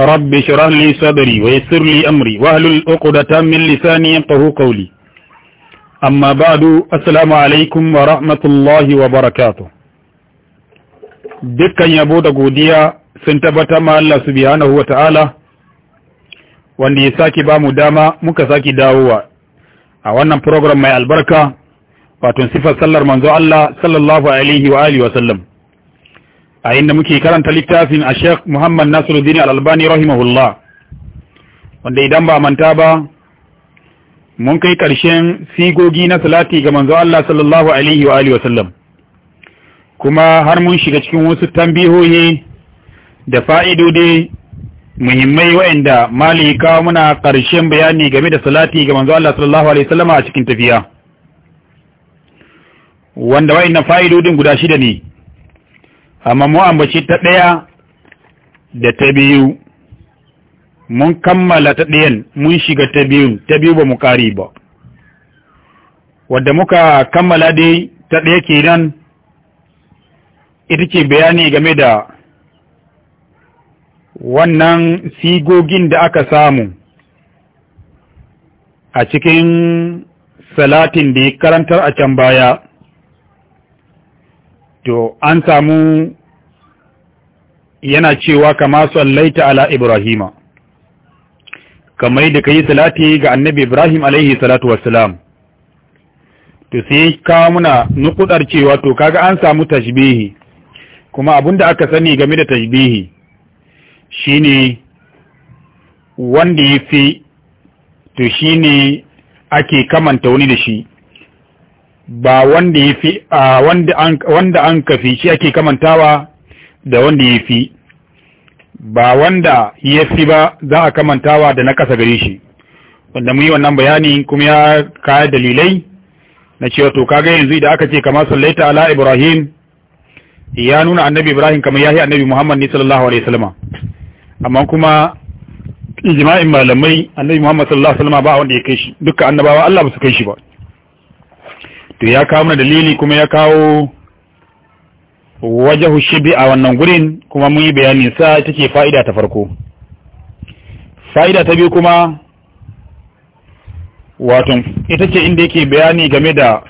رب شرح لي صدري ويسر لي أمري واهل الأقدة من لساني يمقه قولي أما بعد السلام عليكم ورحمة الله وبركاته دكا يبود قوديا سنتبت ما الله سبحانه وتعالى واندي ساكي بامو داما مكا ساكي داوا وانا البرنامج البركة واتن صفة صلى الله عليه وآله وسلم a inda muke karanta littafin a Sheikh Muhammad Nasiruddin Al-Albani rahimahullah wanda idan ba manta ba mun kai ƙarshen sigogi na salati ga manzo Allah sallallahu alaihi wa alihi wa sallam kuma har mun shiga cikin wasu tambihohi da fa'idodi muhimmai mali malika muna ƙarshen bayani game da salati ga manzo Allah sallallahu alaihi wasallam a cikin tafiya wanda waɗannan fa'idodin guda shida ne amma mu ambaci ta ɗaya da ta biyu mun kammala ta ɗayan mun shiga ta biyun ta biyu ba mu kari ba wadda muka kammala dai ta ɗaya kenan ita ce bayani game da wannan sigogin da aka samu a cikin salatin da ya karantar a can baya to an samu yana cewa kama sallaita ala ibrahima kamar da kai salati ga annabi ibrahim alaihi salatu wassalam to sai kawo muna nukudar cewa to kaga an samu tashbihi kuma da aka sani game da tashbihi shine wanda ya fi to shine ake kamanta wani da shi ba wanda ya fi wanda an kafi shi ake kamantawa da wanda ya fi ba wanda ya fi ba za a kamantawa da na kasa gare shi wanda mu yi wannan bayani kuma ya kaya dalilai na cewa to kaga yanzu idan aka ce kama sallaita ala ibrahim ya nuna annabi ibrahim kamar yahi annabi muhammad ne sallallahu alaihi salama. amma kuma ijma'in malamai annabi muhammad sallallahu alaihi salama ba wanda ya kai shi dukkan annabawa Allah ba su kai shi ba to ya kawo mana dalili kuma ya kawo wajahu shibi a wannan gurin kuma mun yi bayanin sa ita fa'ida ta farko fa'ida ta biyu kuma wato ita ce inda yake bayani game da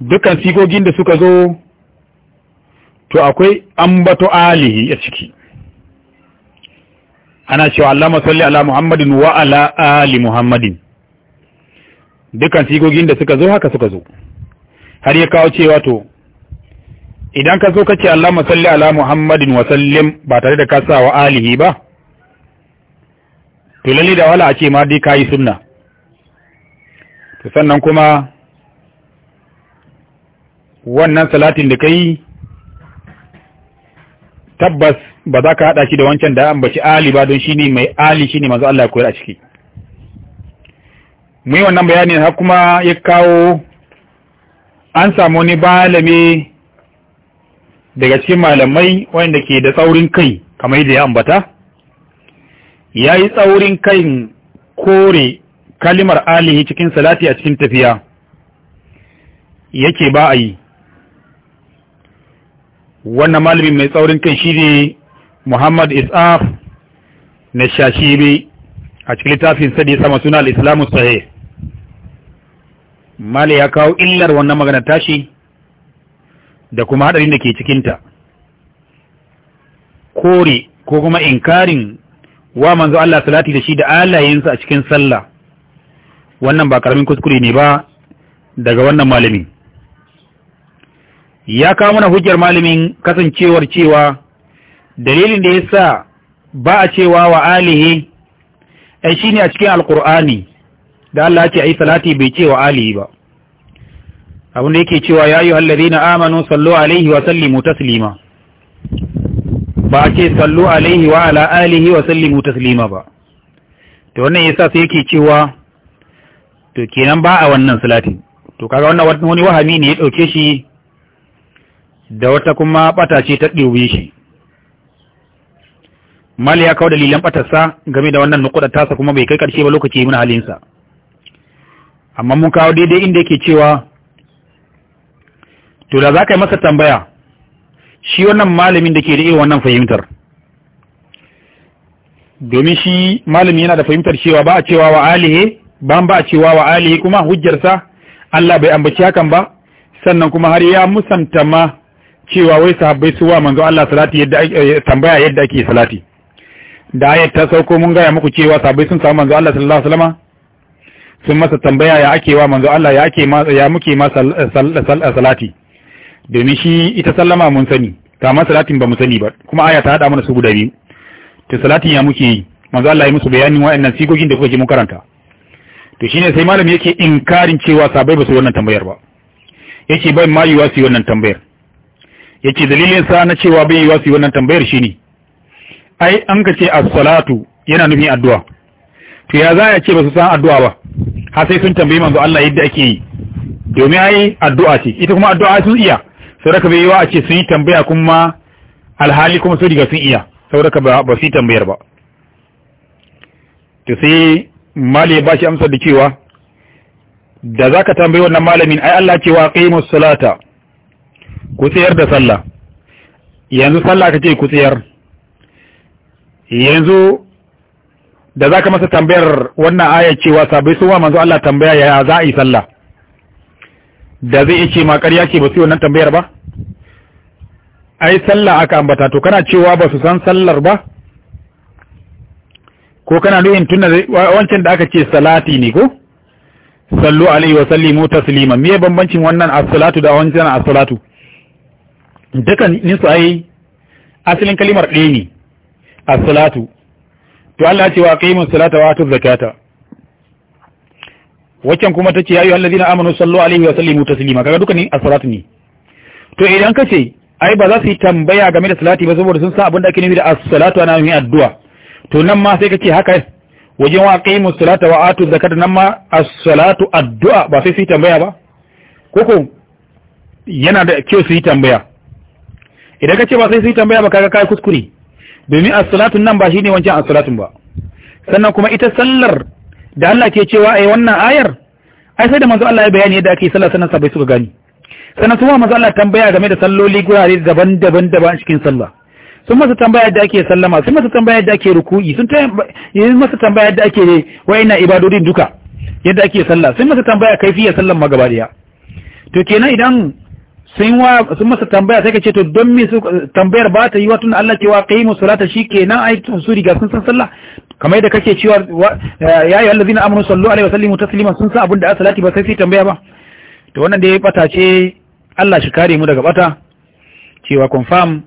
dukkan sigogin da suka zo to akwai ambato alihi a ciki ana cewa Allah masalli ala Muhammadin wa ala ali Muhammadin dukan sigogin da suka zo haka suka zo har ya kawo cewa to idan ka zo ka ce Allahumma salli ala Muhammadin wa sallim ba tare da ka sa wa alihi ba to lalle da wala a ce ma dai kai sunna to sannan kuma wannan salatin da kai tabbas ba za ka hada shi da wancan da an bashi ali ba don shine mai ali ne manzo Allah ya koyar a ciki mu yi wannan bayani har kuma ya kawo an samu wani malami daga cikin malamai wanda ke da tsaurin kai kamar da ya ambata ya yi tsaurin kai kore kalimar alihi cikin salati a cikin tafiya yake ba a yi wannan malamin mai tsaurin kai shi ne muhammad isaf na shashibe a cikin littafin sadi sama suna al'islamu sahih Mali ya kawo illar wannan magana tashi da kuma hadarin da ke cikinta kore ko kuma inkarin wa manzo Allah salati da shi da alayensa a cikin sallah wannan ba karamin kuskure ne ba daga wannan malamin ya kawo mana hujjar malamin kasancewar cewa dalilin da ya sa ba a cewa wa alihi ai shine a cikin alkur'ani da Allah ya ce ai salati bai ce wa ali ba abin da yake cewa ya ayyuhal ladina amanu sallu alaihi wa sallimu taslima ba ce sallu alaihi wa ala alihi wa sallimu taslima ba to wannan yasa sai yake cewa to kenan ba a wannan salati to kaga wannan wani wahami ne ya dauke shi da wata kuma bata ce ta ɗewe shi mali ya kawo dalilan batarsa game da wannan nukuda tasa kuma bai kai ƙarshe ba lokaci mun halinsa amma mun kawo daidai inda yake cewa to da za ka yi masa tambaya shi wannan malamin da ke da irin wannan fahimtar domin shi malami yana da fahimtar cewa ba a cewa wa alihe ba ba a cewa wa alihe kuma hujjarsa Allah bai ambaci hakan ba sannan kuma har ya musanta ma cewa wai sahabbai su wa manzo Allah salati yadda eh, tambaya yadda ake salati da ayat ta sauko mun gaya muku cewa sahabbai sun samu manzo Allah sallallahu alaihi wasallam sun masa tambaya ya ake wa manzo Allah ya ake ya muke ma salati domin shi ita sallama mun sani ta ma salatin ba mu sani ba kuma aya ta hada mana su guda biyu to salatin ya muke yi manzo Allah ya musu bayanin wa'annan sigogin da kuka ji mun karanta to shine sai malami yake inkarin cewa sabai ba su wannan tambayar ba yace bai ma yiwa su wannan tambayar yace dalilin sa na cewa bai yiwa su wannan tambayar shine ai an ka ce as-salatu yana nufin addu'a to ya za ya ce ba su san addu'a ba har sai sun tambayi manzo Allah yadda ake yi domin ai addu'a ce ita kuma addu'a sun iya saboda ka bai a ce sun yi tambaya kuma alhali kuma sun riga sun iya saboda ka ba su yi tambayar ba to sai mali ya bashi amsar da cewa da zaka tambayi wannan malamin ai Allah cewa qimu salata ku tsayar da sallah yanzu sallah kace ku tsayar yanzu da za ka masa tambayar wannan aya cewa sabai su wa manzo Allah tambaya ya za a yi sallah da zai ce ma ƙarya ce ba su yi wannan tambayar ba ai sallah aka ambata to kana cewa ba su san sallar ba ko kana nuhin tunda wancan da aka ce salati ne ko sallu alaihi wa sallimu taslima me bambancin wannan as-salatu da wancan as-salatu dukan nisu ai asalin kalimar ɗaya ne as-salatu to Allah ce wa qimus salata wa atuz zakata waccan kuma tace ya ayyuhal ladina amanu sallu alaihi wa sallimu taslima kaga duka ni as salatu ne to idan kace ai ba za su yi tambaya game da salati ba saboda sun san abin da ake nufi da as-salatu ana yin addu'a to nan ma sai kace haka wajen wa qimus salata wa atuz zakata nan ma as-salatu addu'a ba sai su yi tambaya ba koko yana da kyau su yi tambaya idan kace ba sai su yi tambaya ba kaga kai kuskure domin as-salatun nan ba shine wancan as-salatun ba sannan kuma ita sallar da Allah ke cewa ai wannan ayar ai sai da manzo Allah ya bayani yadda ake sallar sannan sabai suka gani sannan kuma manzo Allah tambaya game da salloli gurare daban-daban daban cikin sallah sun masa tambaya yadda ake sallama sun masa tambaya yadda ake ruku'i sun masa tambaya yadda ake na ibadodin duka yadda ake sallah sun masa tambaya kaifiyar sallar ma to kenan idan sun wa sun masa tambaya sai ka ce to don me su tambayar ba ta yi wa tun Allah cewa shi ke nan ai tun su riga sun san sallah kamar yadda kake cewa ya allazi na amurin sallu alaihi wa sallimu taslima sun san abin da salati ba sai sai tambaya ba to wannan da ya yi bata ce Allah shi kare mu daga bata cewa confirm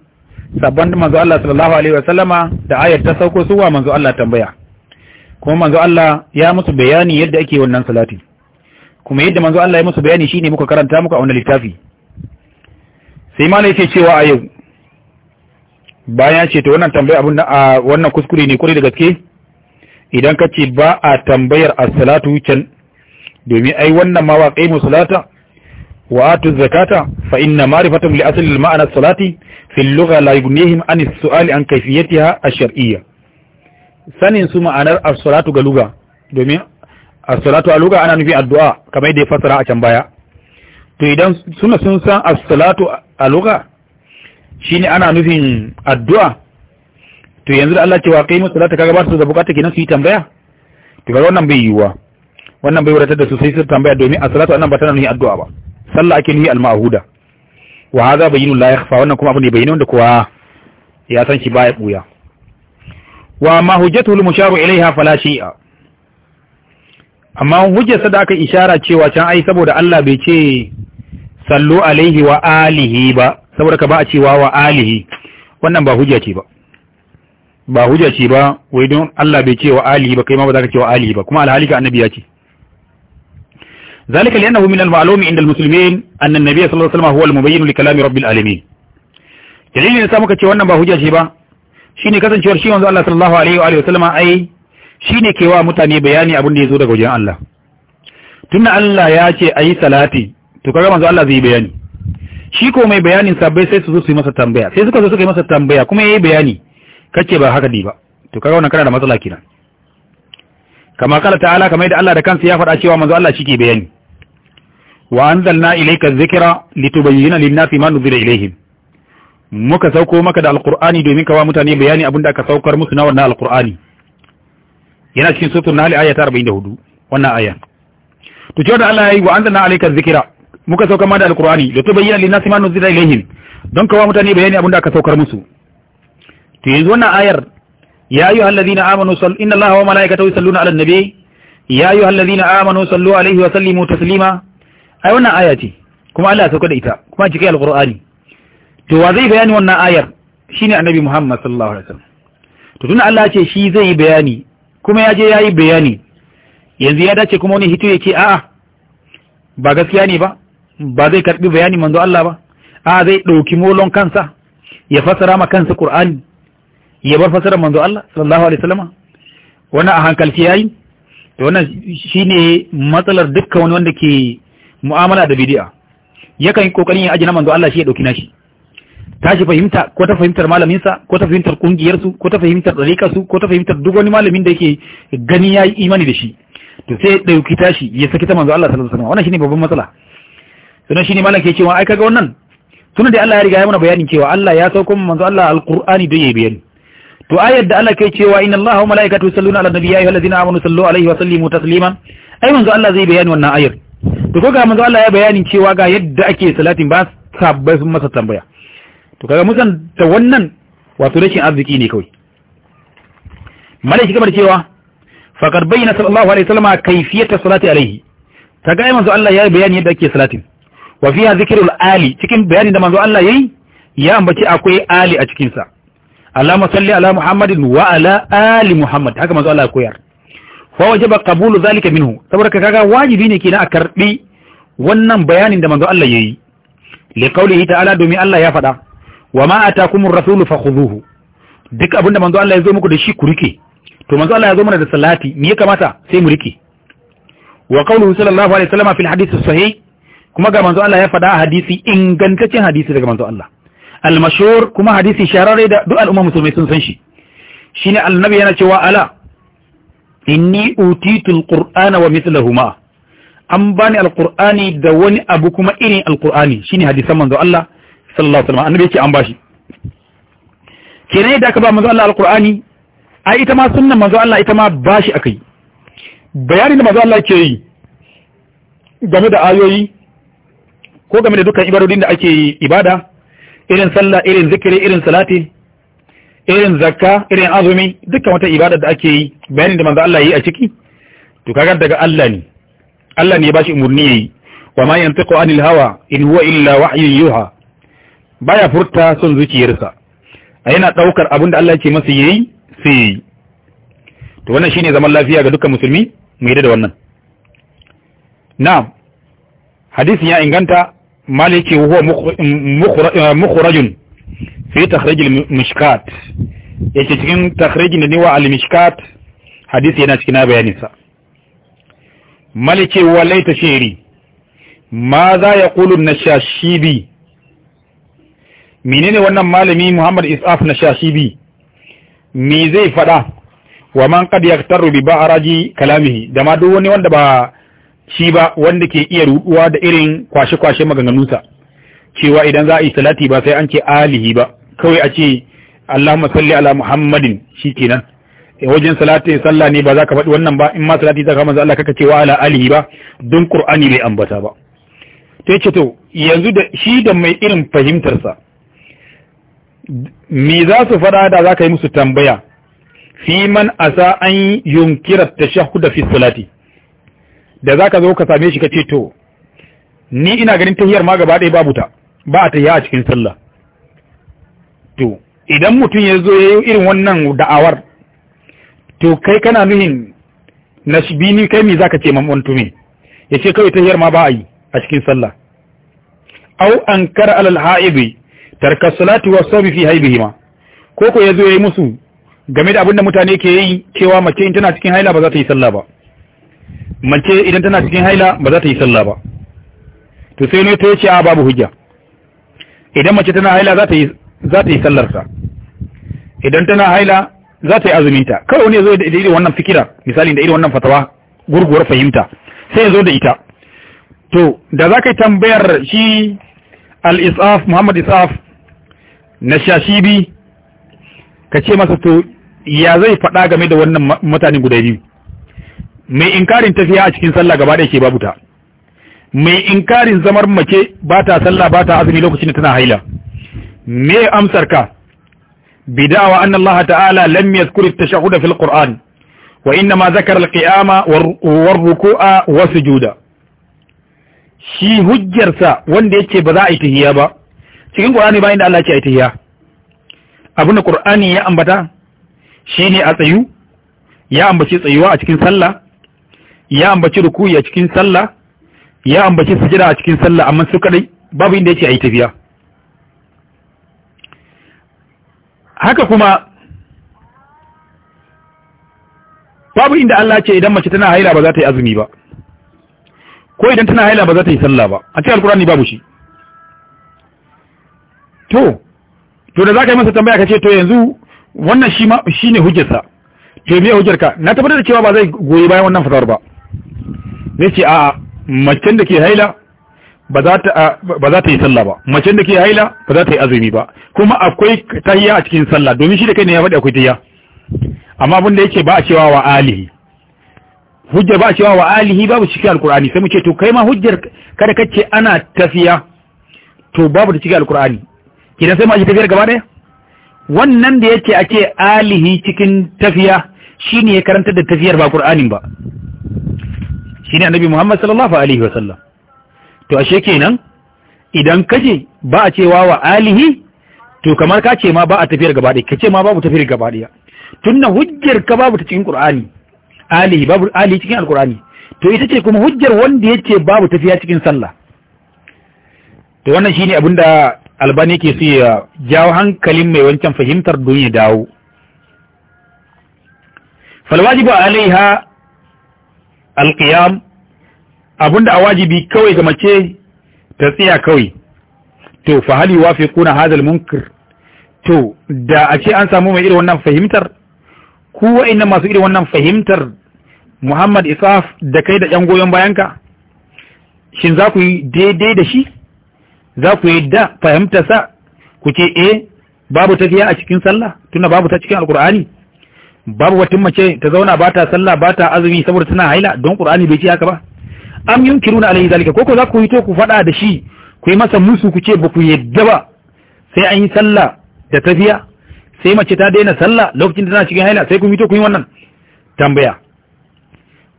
sabon manzo Allah sallallahu alaihi wa sallama da ayar ta sauko wa manzo Allah tambaya kuma manzo Allah ya musu bayani yadda ake wannan salati kuma yadda manzo Allah ya musu bayani shine muka karanta muka a wannan littafi sai ma yake cewa a yau bayan ce to wannan tambaya abin a wannan kuskure ne kwarai da gaske idan ka ce ba a tambayar as-salatu can domin ai wannan ma wa qaimu salata wa atu zakata fa inna ma'rifatan li asli al-ma'na as-salati fi al-lugha la yughnihim an as-su'al an kayfiyatiha ash-shar'iyya sanin su ma'anar as-salatu ga lugha domin as-salatu a lugha ana nufin addu'a kamar yadda ya fasara a can baya to idan suna sun san as-salatu a luga shine ana nufin addu'a to yanzu da Allah cewa kai musulata zata kaga ba su da bukata kenan su yi tambaya to ga wannan bai yiwuwa wannan bai wadatar da su sai su tambaya domin a salatu annan ba tana nuhi addu'a ba sallah ake nuhi al-ma'huda wa hadha bayyinun la kafa wannan kuma abu ne bayyinun wanda kuwa ya san shi baya buya wa ma hujjatu al-musharu ilaiha fala shi'a amma hujjar da aka isharar cewa can ai saboda Allah bai ce sallu alaihi wa alihi ba saboda ka ba a cewa wa alihi wannan ba hujja ce ba ba hujja ce ba wai don Allah bai ce wa alihi ba kai ma ba za ka ce wa alihi ba kuma alhalika annabi ya ce ذلك لأنه من المعلوم عند المسلمين أن النبي صلى الله عليه وسلم هو المبين لكلام رب العالمين dalilin da sa muka ce wannan ba hujja ce ba shine kasancewar shi wanzu Allah sallallahu alaihi wa alihi wasallama ai shine kewa mutane bayani abin da yazo daga wajen Allah tunda Allah ya ce ayi salati to kaga manzo Allah zai bayani shi ko mai bayanin sabbai sai su zo su yi masa tambaya sai suka zo suka yi masa tambaya kuma yayi bayani kace ba haka ne ba to kaga wannan kana da matsala kenan kama kala ta'ala kamar da Allah da kansa ya faɗa cewa manzo Allah shi ke bayani wa anzalna ilayka dhikra litubayyana lin-nasi ma nuzila ilayhim muka sauko maka da alqur'ani domin ka wa mutane bayani abinda aka saukar musu na wannan alqur'ani yana cikin suratul nahl aya ta 44 wannan aya to cewa da Allah yi wa anzalna alayka dhikra muka saukar ma da alqur'ani da ta bayyana linnasi ma nuzila ilaihim don kawo mutane bayani abin da aka saukar musu to yanzu wannan ayar ya ayyuhal ladina amanu sallu inna allaha wa malaikatahu yusalluna ala nabi ya ayyuhal ladina amanu sallu alaihi wa sallimu taslima ai wannan aya ce kuma Allah ya sauka da ita kuma cikin alqur'ani to wa zai bayani wannan ayar shine annabi Muhammad sallallahu alaihi wasallam to tun Allah ce shi zai yi bayani kuma ya je ya yi bayani yanzu ya dace kuma wani hito ya ce a'a ba gaskiya ne ba ba zai karbi bayani manzo Allah ba a zai dauki molon kansa ya fasara ma kansa Qur'ani ya bar fasara manzo Allah sallallahu alaihi wasallam wannan a hankalci yayi to wannan shine matsalar dukkan wani wanda ke mu'amala da bid'a yakan yi kokarin ya ajina manzo Allah shi ya dauki nashi tashi fahimta ko ta fahimtar malamin sa ko ta fahimtar kungiyar su ko ta fahimtar dariƙar su ko ta fahimtar duk wani malamin da yake gani yayi imani da shi to sai dauki tashi ya saki ta manzo Allah sallallahu alaihi wasallam wannan shine babban matsala shi ne malam ke cewa ai kaga wannan tunan da Allah ya riga ya mana bayanin cewa Allah ya sauko mu manzo Allah alqur'ani don yayi bayani to ayar da Allah ke cewa inna Allaha wa malaikatu yusalluna ala nabiyyi ayyuhal ladina amanu sallu alaihi wa sallimu taslima ai manzo Allah zai bayani wannan ayar to ko kaga manzo Allah ya bayanin cewa ga yadda ake salatin ba sabbai sun masa tambaya to kaga musan ta wannan wato rashin arziki ne kawai malaiki kamar cewa faqad bayyana sallallahu alaihi wasallam kayfiyata salati alaihi kaga ai manzo Allah ya bayani yadda ake salatin wa fiha dhikrul ali cikin bayanin da manzo Allah yayi ya ambaci akwai ali a cikin sa Allahumma salli ala Muhammadin wa ala ali Muhammad haka manzo Allah ya koyar fa wajaba qabulu zalika minhu saboda kaga wajibi ne kina a karbi wannan bayanin da manzo Allah yayi li qawlihi ta'ala domin Allah ya faɗa wa ma atakumur rasulu fakhuduhu duk abinda manzo Allah ya zo muku da shi ku rike to manzo Allah ya zo mana da salati me ya kamata sai mu rike wa qawluhu sallallahu alaihi wasallam fil hadith sahih kuma ga manzo Allah ya faɗa hadisi ingantaccen hadisi daga manzo Allah al-mashhur kuma hadisi shararre da duk al'umma musulmai sun san shi shine annabi yana cewa ala inni utitu al-qur'ana wa mithluhu an bani al-qur'ani da wani abu kuma irin al-qur'ani shine hadisan manzo Allah sallallahu alaihi wasallam annabi yake an bashi kenan da aka ba manzo Allah al-qur'ani ai ita ma sunnan manzo Allah ita ma bashi akai bayani da manzo Allah ke yi game da ayoyi ko game da dukkan ibadodin da ake ibada irin sallah irin zikiri irin salati irin zakka irin azumi dukkan wata ibada da ake yi bayanin da manzo Allah yi a ciki to kaga daga Allah ne Allah ne ya bashi umurni yayi wa ma yantiqu anil hawa in huwa illa wahyun yuha baya furta son zuciyarsa a yana daukar abin da Allah ya ce masa yayi sai to wannan shine zaman lafiya ga dukkan musulmi mu yi da wannan na'am hadisin ya inganta maliki huwa eh, mukhrajun fi takhrij al-mishkat yace cikin takhrijin da ni wa al-mishkat hadisi yana cikin bayanin sa maliki walaita shiri ma za yaqulu an-nashashibi menene wannan malami Muhammad Isaf nashashibi me zai fada wa man qad yaktaru bi ba'raji kalamihi da ma duk wani wanda ba shi ba wanda ke iya ruduwa da irin kwashe-kwashe maganganunsa cewa idan za a yi salati ba sai an ce alihi ba kawai a ce Allahumma salli ala Muhammadin shikenan e, wajen salati sallah ne ba za ka faɗi wannan ba in ma salati ka manzo Allah kaka cewa ala alihi ba don Qur'ani bai ambata ba to yace to yanzu da shi da mai irin fahimtar sa me za su faɗa da za ka yi musu tambaya fi man asa an yunkira tashahhud fi salati da za ka zo ka same shi ka ce to ni ina ganin tahiyar ma gaba ɗaya babu ta ba a tahiya a cikin sallah to idan mutum ya zo yayi irin wannan da'awar to kai kana nuhin Bini kai me zaka ce mamon Ya ce kawai tahiyar ma ba a yi a cikin sallah au kar alal ha'ibi tarka salati wa sabi fi haibihima ko ko yazo yayi musu game da abinda mutane ke yi cewa mace in tana cikin haila ba za ta yi sallah ba mace idan tana cikin haila ba za ta yi sallah ba to sai ne ta ce a babu hujja idan mace tana haila za ta yi za ta yi sallar sa idan tana haila za ta yi azumin ta kawai ne zo da irin wannan fikira misali da irin wannan fatawa gurguwar fahimta sai ya zo da ita to da za ka yi tambayar shi al-isaf Muhammad Isaf na Shashibi ka ce masa to ya zai faɗa game da wannan mutane guda biyu mai inkarin tafiya a cikin sallah gaba ɗaya ke babu ta mai inkarin zamar mace ba ta sallah ba ta azumi lokacin da tana haila me amsar ka bidawa anna Allah ta'ala lam yadhkur at-tashahhud fil Qur'an wa inna ma zakara al-qiyama war ruku'a wa sujuda shi hujjar sa wanda yake ba za a yi tahiya ba cikin Qur'ani ba inda Allah ya ce tahiyya abin da Qur'ani ya ambata shine a tsayu ya ambaci tsayuwa a cikin sallah ya ambaci rukuyi a cikin sallah ya ambaci sujada a cikin sallah amma su kadai babu inda yake ayi tafiya haka kuma babu inda Allah ce idan mace tana haila ba za ta yi azumi ba ko idan tana haila ba za ta yi sallah ba a cikin alkurani babu shi to to da za yi masa tambaya kace ce to yanzu wannan shi ne hujjarsa to me hujjarka na tabbatar da cewa ba zai goyi bayan wannan fatawar ba zai ce a macen da ke haila ba za ta yi sallah ba macen da ke haila ba za ta yi azumi ba kuma akwai tahiyya a cikin sallah domin shi da kai ne ya faɗi akwai tahiyya amma abin da yake ba a cewa wa alihi hujja ba a cewa wa alihi babu cikin alkur'ani sai mu ce to kai ma hujjar kada kace ana tafiya to babu da cikin alkur'ani kidan sai ma ji tafiyar gaba daya wannan da yake ake alihi cikin tafiya shine ya karanta da tafiyar ba qur'anin ba shine annabi Muhammad sallallahu alaihi wasallam to ashe kenan idan kace ba a cewa wa alihi to kamar ka ce ma ba a tafiyar gaba ɗaya kace ma babu tafiyar gaba ɗaya tunna hujjar ka babu ta cikin Qur'ani alihi babu alihi cikin alqur'ani to ita ce kuma hujjar wanda yake babu tafiya cikin sallah to wannan shine abinda albani yake so ya jawo hankalin mai wancan fahimtar duniya dawo فالواجب alaiha alqiyam abunda a wajibi kawai ga mace ta tsaya kawai to fa hal kuna hadal munkar to da a ce an samu mai irin wannan fahimtar ku wainna masu irin wannan fahimtar Muhammad Isaf da kai da ƴan goyon bayanka shin za ku yi daidai da shi za ku yi da fahimtarsa ku ce eh babu tafiya a cikin sallah tunda babu ta cikin alkur'ani babu wata mace ta zauna ba ta sallah ba ta azumi saboda tana haila don qur'ani bai ce haka ba am yunkiruna alayhi zalika koko za ku yi to ku faɗa da shi ku yi masa musu ku ce ba ku yadda ba sai an yi sallah da tafiya sai mace ta daina sallah lokacin da tana cikin haila sai ku yi to ku yi wannan tambaya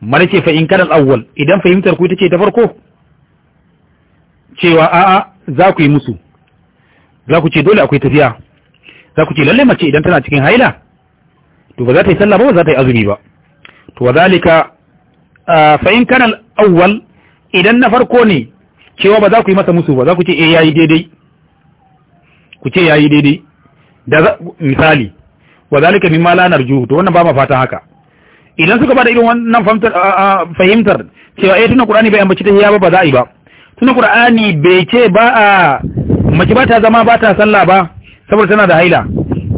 mara ce fa in kana awwal idan fahimtar ku ita ce ta farko cewa a'a za ku yi musu za ku ce dole akwai tafiya za ku ce lalle mace idan tana cikin haila to ba za ta yi sallah ba ba za ta yi azumi ba to wa zalika fa in kana al-awwal idan na farko ne cewa ba za ku yi masa musu ba za ku ce eh yayi daidai ku ce yayi daidai da misali wa zalika mimma la narju to wannan ba ma fatan haka idan suka bada irin wannan fahimtar cewa eh tunan qur'ani bai ambaci tahiya ba ba za a yi ba tunan qur'ani bai ce ba a mace ba ta zama ba ta sallah ba saboda tana da haila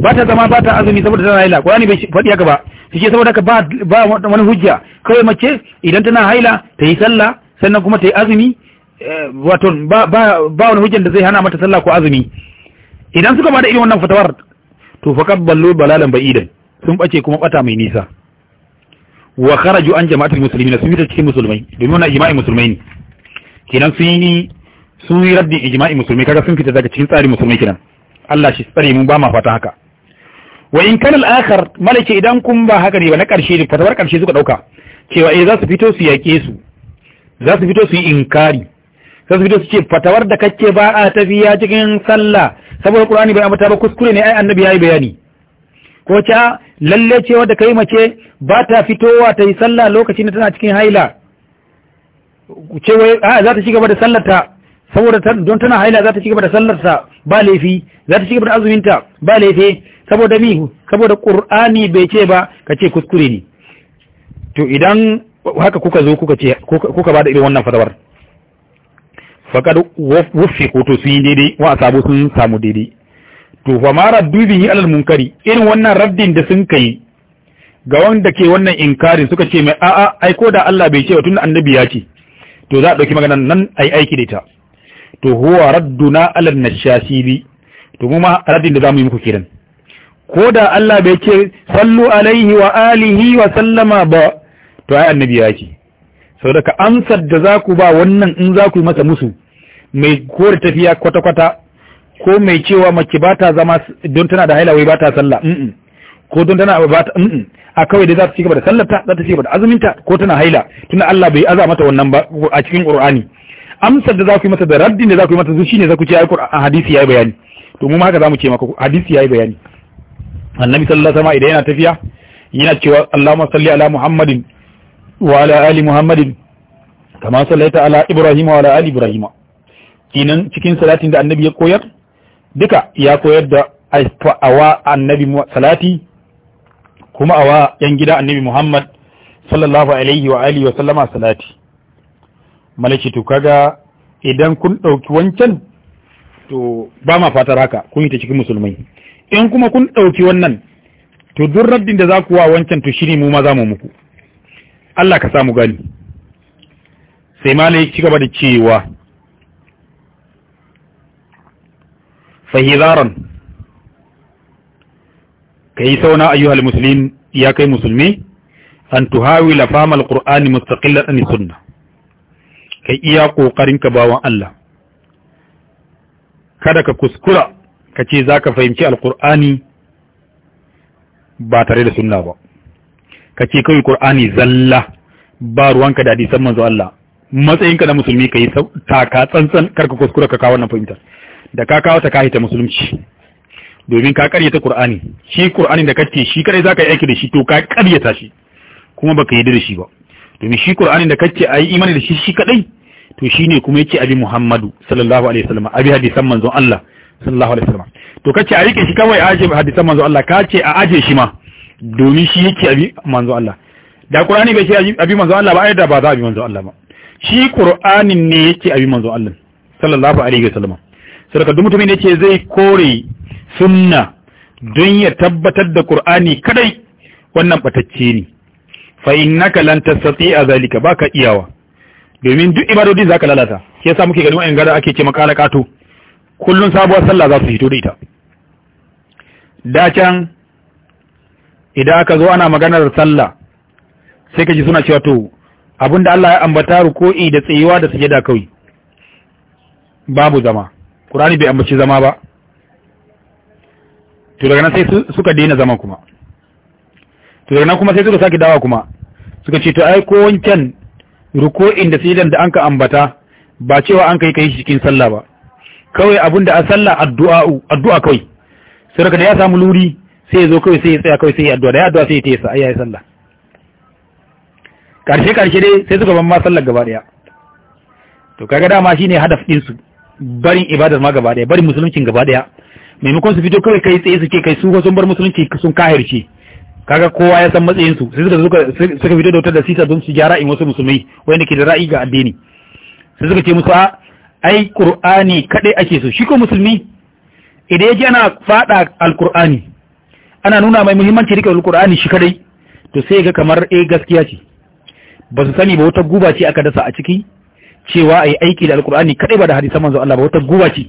ba ta zama ba ta azumi saboda tana haila Qur'ani bai faɗi haka ba ce saboda ka ba wani hujja kawai mace idan tana haila ta yi sallah sannan kuma ta yi azumi eh, wato ba ba wani hujjan da zai hana mata sallah ko azumi idan suka bada irin wannan fatawar to fa ballu balalan ba'idan sun bace kuma bata mai nisa wa kharaju an jama'atul muslimin sun fita cikin musulmai domin wannan ijma'i musulmai ne kenan sun yi sun yi raddin ijma'i musulmai kaga sun fita daga cikin tsarin musulmai kenan Allah shi tsare mun ba ma fata haka wa in kana al'akar akhar malaki idan kun ba haka ne ba na karshe ne fatawar karshe suka dauka cewa eh za su fito su yaƙe su za su fito su yi inkari za su fito su ce fatawar da kake ba a tafiya cikin sallah saboda qur'ani bai ambata ba kuskure ne ai annabi yayi bayani ko ta ah, lalle cewa da kai mace ba ta fitowa ta yi sallah lokacin da tana cikin haila cewa a ah, za ta ci gaba da sallarta saboda don tana haila za ta ci gaba da sallarta ba laifi za ta ci gaba da azuminta ba laifi saboda mi saboda qur'ani bai ce ba ka ce kuskure ne to idan haka kuka zo kuka ce kuka bada irin wannan fatawar faqad wuffiqu to sun daidai wa asabu sun samu daidai to fa ma raddu bihi alal munkari irin wannan raddin da sun kai ga wanda ke wannan inkarin suka ce mai a'a ai ko da Allah bai ce wa tunda annabi ya ce to za a dauki maganar nan ai aiki da ita to huwa radduna alal nashasibi to mu ma raddin da zamu yi muku kiran ko da Allah bai ce sallu alaihi wa alihi wa sallama ba to ai annabi ya ce sau daga amsar da za ku ba wannan in za ku yi masa musu mai kore tafiya kwata-kwata ko mai cewa mace ba ta zama don tana da hailawai ba ta sallah ko don tana ba ta a kawai da za ta cigaba da sallarta za ta cigaba da azuminta ko tana haila tunda Allah bai aza mata wannan ba a cikin Qur'ani amsar da za ku yi mata da raddin da za ku yi mata su shine za ku ce ai Qur'an hadisi yayi bayani to mu ma haka za mu ce maka hadisi yayi bayani annabi sallallahu alaihi wasallam idan yana tafiya yana cewa Allahumma salli ala Muhammadin wa ala ali Muhammadin kama sallaita ala Ibrahim wa ala ali Ibrahim kinan cikin salatin da annabi ya koyar duka ya koyar da awa annabi salati kuma awa yan gida annabi Muhammad sallallahu alaihi wa alihi wa sallama salati malaki to kaga idan kun dauki wancan to ba ma fatar haka kun yi ta cikin musulmai in kuma kun ɗauki wannan to duk raddin da za ku wa wancan to shiri mu ma za mu muku Allah ka samu gani sai ma ci gaba da cewa fahizaran ka yi sauna ayyuhal musulmin ya kai musulmi an tuhawi la fama alqur'ani mustaqillan an sunna kai iya kokarin ka bawan Allah kada ka kuskura ka ce za ka fahimci alƙur'ani ba tare da sunna ba ka ce kawai ƙur'ani zalla ba ruwanka da hadisan manzo Allah matsayinka na musulmi ka yi taka tsantsan karka kuskura ka kawo wannan fahimtar da ka kawo ta ka ta musulunci domin ka karyata ƙur'ani shi ƙur'ani da kake shi kadai ka yi aiki da shi to ka karyata shi kuma baka yi da shi ba domin shi ƙur'ani da kake yi imani da shi shi kadai to shine kuma yake abi Muhammadu sallallahu alaihi wasallam abi hadisan manzon Allah sallallahu alaihi wasallam to kace a rike shi kawai a aje hadisan manzo Allah kace a aje shi ma domin shi yake abi manzo Allah da Qur'ani bai ce abi manzo Allah ba ai da ba za abi manzo Allah ba shi qur'ani ne yake abi manzo Allah sallallahu alaihi wasallam saboda duk mutumin yake zai kore sunna don ya tabbatar da Qur'ani kadai wannan batacce ne fa innaka lan tastati'a zalika baka iyawa domin duk ibadodin zaka lalata shi yasa muke ganin wa'in gara ake ce makalakato kullum sabuwar sallah za su hito da ita dacan idan aka zo ana maganar sallah sai ka ji suna cewa to abinda Allah ya ambata ruku'i da tsayuwa da sujada kawai babu zama Qur'ani bai ambaci zama ba to daga nan sai suka daina zama kuma to daga nan kuma sai suka sake dawa kuma suka ce to ai ko wancan ruku'in da sujadan da anka ambata ba cewa an kai kai cikin sallah ba kawai abin da a sallah addu'a kawai sai daga da ya samu luri sai ya zo kawai sai ya tsaya kawai sai ya addu'a da ya addu'a sai ya tesa a ya sallah ƙarshe-ƙarshe dai sai suka ban ma sallar gaba daya to kaga dama ne hadaf din su barin ibadar ma gaba daya barin musuluncin gaba daya maimakon su fito kawai kai tsaye suke kai su sun bar musulunci sun kahirce kaga kowa ya san matsayinsu sai suka suka fito da wutar da sita don su gyara in wasu musulmai wanda ke da ra'ayi ga addini sai suka ce musu a ai qur'ani kadai ake so shi ko musulmi idan ya ana fada alqur'ani ana nuna mai muhimmanci rike alqur'ani shi kadai to sai ga kamar eh gaskiya ce ba su sani ba wata guba ce aka dasa a ciki cewa a yi aiki da alqur'ani kadai ba da hadisan manzo Allah ba wata guba ce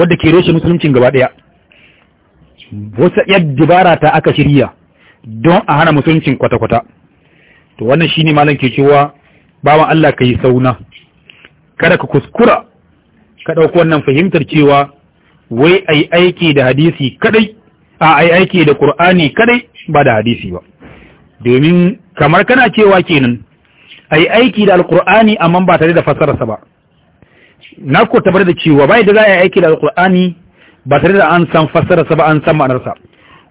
wadda ke roshe musuluncin gaba daya wata yar bara ta aka shirya don a hana musuluncin kwata-kwata to wannan shine malam ke cewa bawan Allah ka yi sauna kada ka kuskura ka ɗauko wannan fahimtar cewa wai a yi aiki da hadisi kadai a yi aiki da ƙur'ani kadai ba da hadisi ba domin kamar kana cewa kenan a yi aiki da al amma ba tare da fassararsa ba na ko tabar da cewa bai da za a yi aiki da al ba tare da an san fassararsa ba an san ma'anarsa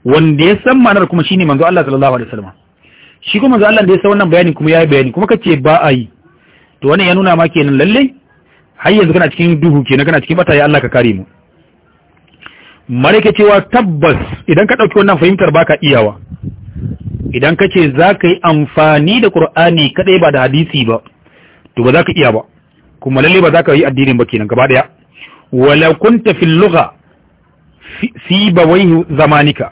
wanda ya san ma'anar kuma shine manzo Allah sallallahu alaihi wasallam shi kuma manzo Allah da ya san wannan bayani kuma yayi bayani kuma kace ba a yi to wannan ya nuna ma kenan lalle har yanzu kana cikin duhu kenan kana cikin bataye Allah ka kare mu mareke cewa tabbas idan ka dauki wannan fahimtar baka iyawa idan ka ce za ka yi amfani da Qur'ani kadai ba da hadisi ba to ba za ka iya ba kuma lalle ba za ka yi addinin ba kenan gaba daya wala kunta fil lugha siba zamanika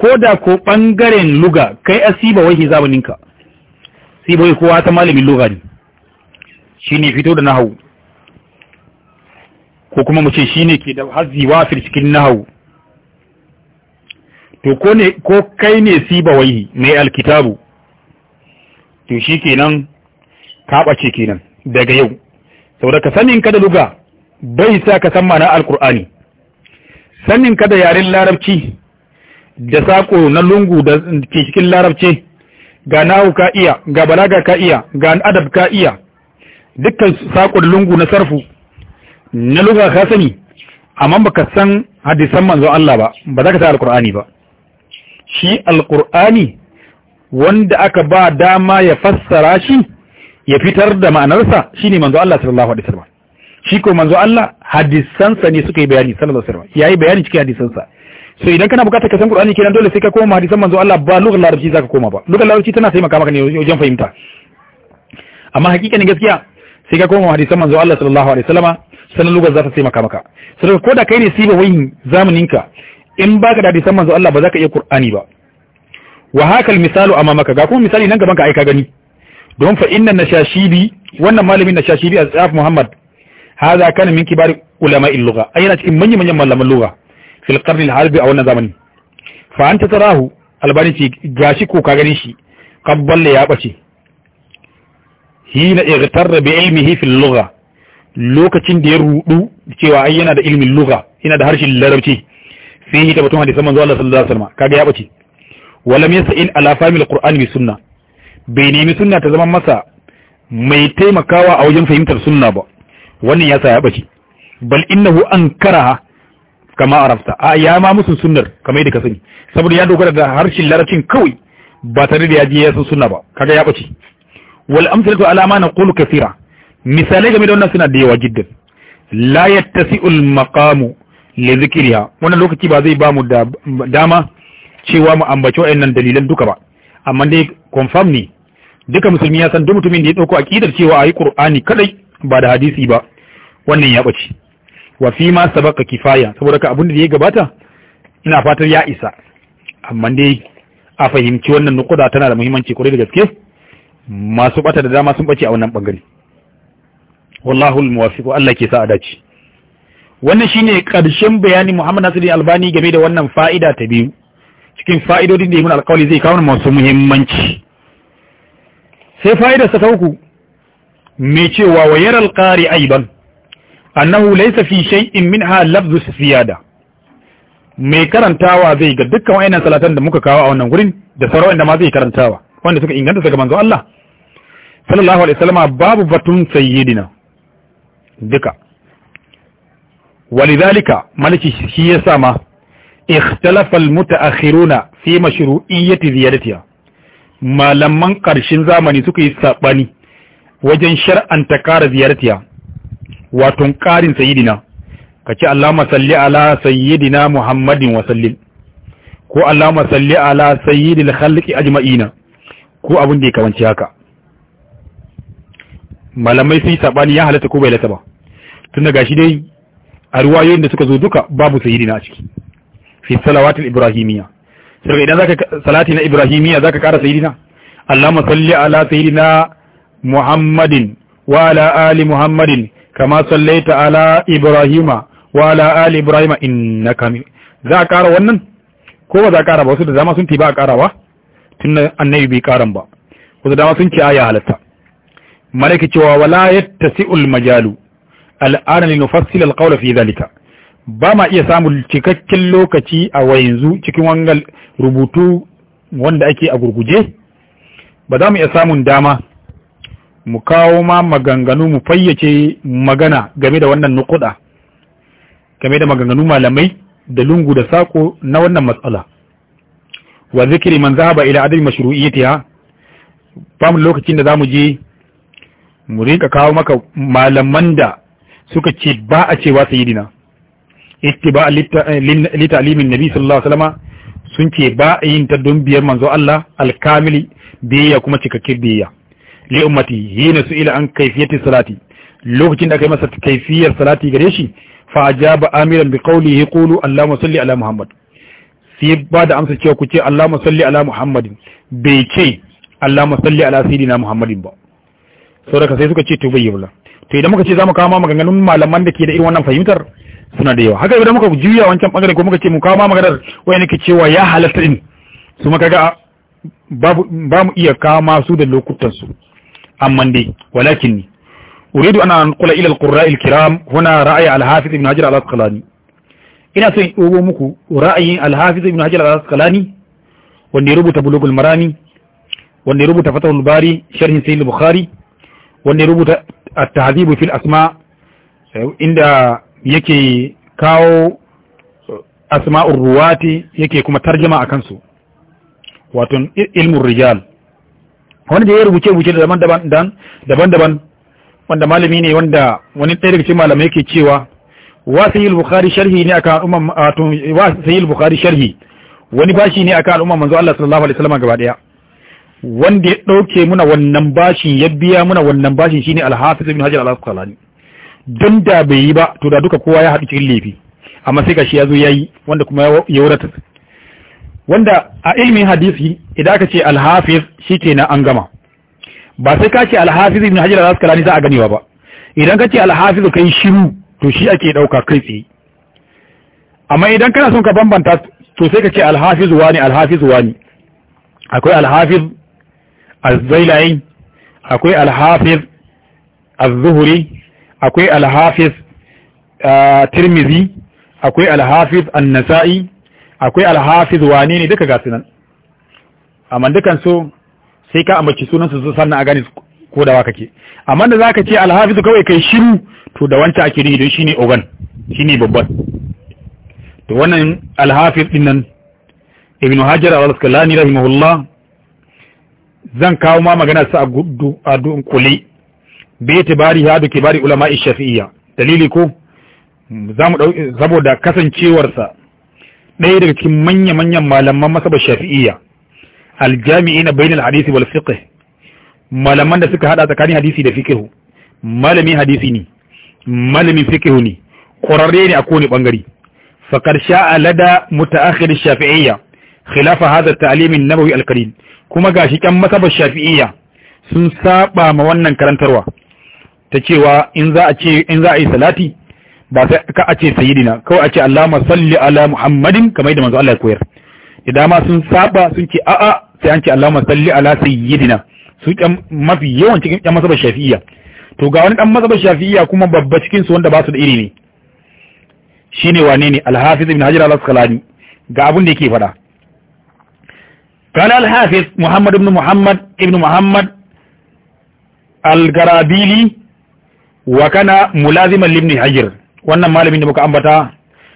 ko ko bangaren luga kai asiba waihi zamaninka siba waihi kowa ta malamin lugha ne shine fito da nahawu ko kuma mu ce shine ke da wa fil cikin nahwu to ko ne ko kai ne sibawai mai alkitabu to shi kenan ka bace kenan daga yau saboda ka sanin ka da luga bai sa ka san ma'anar alkur'ani sanin ka da yaren larabci da sako na lungu da ke cikin larabci ga nahu ka iya ga balaga ka iya ga adab ka iya dukkan sakon lungu na sarfu na lugha ka sani amma baka san hadisan manzo Allah ba ba za ka san alqur'ani ba shi alqur'ani wanda aka ba dama ya fassara shi ya fitar da ma'anarsa shine manzo Allah sallallahu alaihi wasallam shi ko manzo Allah hadisansa ne suka yi bayani sallallahu alaihi wasallam yayi bayani cikin hadisansa so idan kana bukatar ka san Qur'ani kenan dole sai ka koma hadisan manzo Allah ba lugar larabci zaka koma ba lugar larabci tana taimaka maka ne wajen fahimta amma ne gaskiya sai ka koma hadisan manzo Allah sallallahu alaihi wasallam sannan lugar za ta taimaka maka saboda ko da kai ne siba wayin zamaninka in baka da hadisan manzo Allah ba za ka iya Qur'ani ba wa haka misalu amamaka ga kuma misali nan gaban ka aika gani don fa inna nashashibi wannan malamin nashashibi azaf Muhammad hadha kana min kibar ulama'il lugha ayna cikin manyan manyan malaman lugha fil qarn al harbi a wannan zamani fa anta tarahu albani ci gashi ko ka gani shi qabbal ya bace hina igtarra bi ilmihi fil lugha lokacin da ya rudu cewa ai yana da ilimin lugha yana da harshen larabci sai yi tabbatun hadisan manzo Allah sallallahu alaihi wasallam kaga ya bace walam yas'il ala fahmil qur'an bi sunna bai nemi sunna ta zama masa mai taimakawa a wajen fahimtar sunna ba wannan ya sa ya bace bal innahu ankaraha kama arafta a ya ma musu sunnar kamar yadda ka sani saboda ya dogara da harshen larabcin kawai ba tare da ya je ya san sunna ba kaga ya bace wal amsalatu ala ma naqulu kathira misalai game da wannan suna da yawa jiddan la yattasi'ul maqamu li dhikriha wannan lokaci ba zai mu da dama cewa mu ambaci wa'annan dalilan duka ba amma dai confirm ne duka musulmi ya san duk mutumin da ya dauko akidar cewa ayi qur'ani kadai ba da hadisi ba wannan ya bace wa fi ma sabaka kifaya saboda ka abin da ya gabata ina fatar ya isa amma dai a fahimci wannan nukuda tana da muhimmanci kwarai da gaske masu bata da dama sun bace a wannan bangare wallahu almuwafiq Allah ke sa a dace wannan shine karshen bayani Muhammad Nasiruddin Albani game da wannan fa'ida ta biyu cikin fa'idodin da Ibn alƙawari zai kawo masu muhimmanci sai fa'idarsa ta uku cewa wa yaral qari aiban annahu laysa fi shay'in minha lafzu ziyada mai karantawa zai ga dukkan wayannan salatan da muka kawo a wannan gurin da sauran da ma zai karantawa wanda suka inganta daga manzo Allah sallallahu alaihi wasallam babu batun sayyidina duka walidhalika maliki shi yasa ma ikhtalafa almutaakhiruna fi mashru'iyyati ziyadatiha malaman karshen zamani suka yi sabani wajen shar'anta kara ziyartiya wato karin sayyidina kace Allahumma salli ala sayyidina Muhammadin wa sallim ko Allahumma salli ala sayyidil khalqi ajma'ina ko abin da ya kamanci haka malamai sun yi sabani ya halatta ko bai halatta ba tun da gashi dai a ruwayoyin da suka zo duka babu sayidi na ciki fi salawatul ibrahimiyya sai idan zaka salati na ibrahimiyya zaka kara sayyidina Allahumma salli ala sayidina Muhammadin wa ala ali Muhammadin kama sallaita ala Ibrahima wa ala ali Ibrahima innaka za kara wannan ko ba za kara ba wasu da dama sun ba a karawa tun annabi bai karan ba wasu dama sun ce aya halatta malaki cewa wala yattasi'ul majalu al'ana linufassila alqawla fi dhalika ba ma iya samun cikakken lokaci a wayanzu cikin wangal rubutu wanda ake a gurguje ba za mu iya samun dama mu kawo ma maganganu mu fayyace magana game da wannan nukuda game da maganganu malamai da lungu da sako na wannan matsala wa zikiri man zahaba ila adami mashru'iyyatiha ba mu lokacin da za mu je mu rika kawo maka malaman da suka ce ba a cewa sayidina ittiba li eh, ta'limin nabi sallallahu alaihi wasallam sun ce ba a yin ta don biyar manzo Allah alkamili biyayya kuma cikakken biyayya li ummati su ila an kayfiyati salati lokacin da aka yi masa kaifiyar salati gare shi fa ajaba amiran bi qawlihi qulu allahumma salli ala muhammad sai ba da amsa cewa ku ce allahumma salli ala muhammadin bai ce allahumma salli ala sayidina muhammadin ba saboda sai suka ce to bai yula to idan muka ce zamu kama ma maganganun malaman da ke da irin wannan fahimtar suna da yawa haka idan muka juya wancan bangare ko muka ce mu kama ma maganar wayanda ke cewa ya halatta din su maka ga babu ba mu iya kama su da lokutan su amma dai walakin ni uridu ana anqula ila alqurra'il kiram huna ra'ayi al-hafiz ibn hajar al-asqalani ina so in dogo muku ra'ayin al-hafiz ibn hajar al-asqalani wanda ya rubuta bulugul marami wanda ya rubuta fatahul bari sharhin sayyid al-bukhari wanda ya rubuta a tahazibu fil asma inda yake kawo asma'ur ruwati yake kuma tarjama a kansu wato ilmur rijal wani da ya rubuce rubuce daban-daban daban-daban wanda malami ne wanda wani ɗaya daga cikin malamai yake cewa wasayil bukhari sharhi ne akan al'umma wato wasayil bukhari sharhi wani bashi ne akan al'umma manzo Allah sallallahu alaihi wasallam gaba daya wanda ya ɗauke muna wannan bashin ya biya muna wannan bashin shine alhafiz ibn hajar al-asqalani don da bai yi ba to da duka kowa ya haɗu cikin laifi amma sai gashi ya zo yayi wanda kuma ya wurata wanda a ilmin hadisi idan aka ce alhafiz shikenan an gama ba sai ka ce alhafiz ibn hajar al-asqalani za a ganewa ba idan ka ce alhafiz kai shiru to shi ake ɗauka kai tsaye amma idan kana son ka bambanta to sai ka ce alhafiz wani alhafiz wani akwai alhafiz az-zailai akwai al-hafiz az zuhuri, akwai al-hafiz uh, tirmizi akwai al-hafiz an-nasa'i akwai al-hafiz wane ne duka gasu nan amma dukan so sai ka ambaci sunan su sannan a gane ko da waka ke amma da zaka ce al-hafiz kawai kai shiru to da wanta ake rihi don shine ogan shine babban to wannan al-hafiz din nan ibn hajar al-asqalani rahimahullah zan kawo ma magana su a kuli. bai tibari ya duke bari ulama shafi'iyya dalili ko saboda kasancewarsa ɗaya daga cikin manya-manyan malaman masabar shafi'iyya aljami'i na bainal hadisi wal fiqh malaman da suka hada tsakanin hadisi da fiqh malami hadisi ne malamin fiqh ne ƙwararre ne a kowane bangare faqad sha'a lada mutaakhir shafi'iyya khilafa hadha at-ta'lim an-nabawi al kuma gashi kan masabar shafi'iyya sun saba ma wannan karantarwa ta cewa in za a yi salati ba sai ka a ce sayyidina kawai a ce Allahumma salli ala Muhammadin kamar yadda manzo Allah ya koyar da dama sun saba sun ce a'a sai an ce salli ala su cikin shafi'iyya to ga wani dan masabar shafi'iyya kuma babba cikin su wanda ba su da iri ne shine wane ne Al-Hafiz Ibn Hajar Al-Asqalani ga abin da yake faɗa قال الحافظ محمد بن محمد ابن محمد القرابيلي وكان ملازما لابن حجر wannan malamin da muka ambata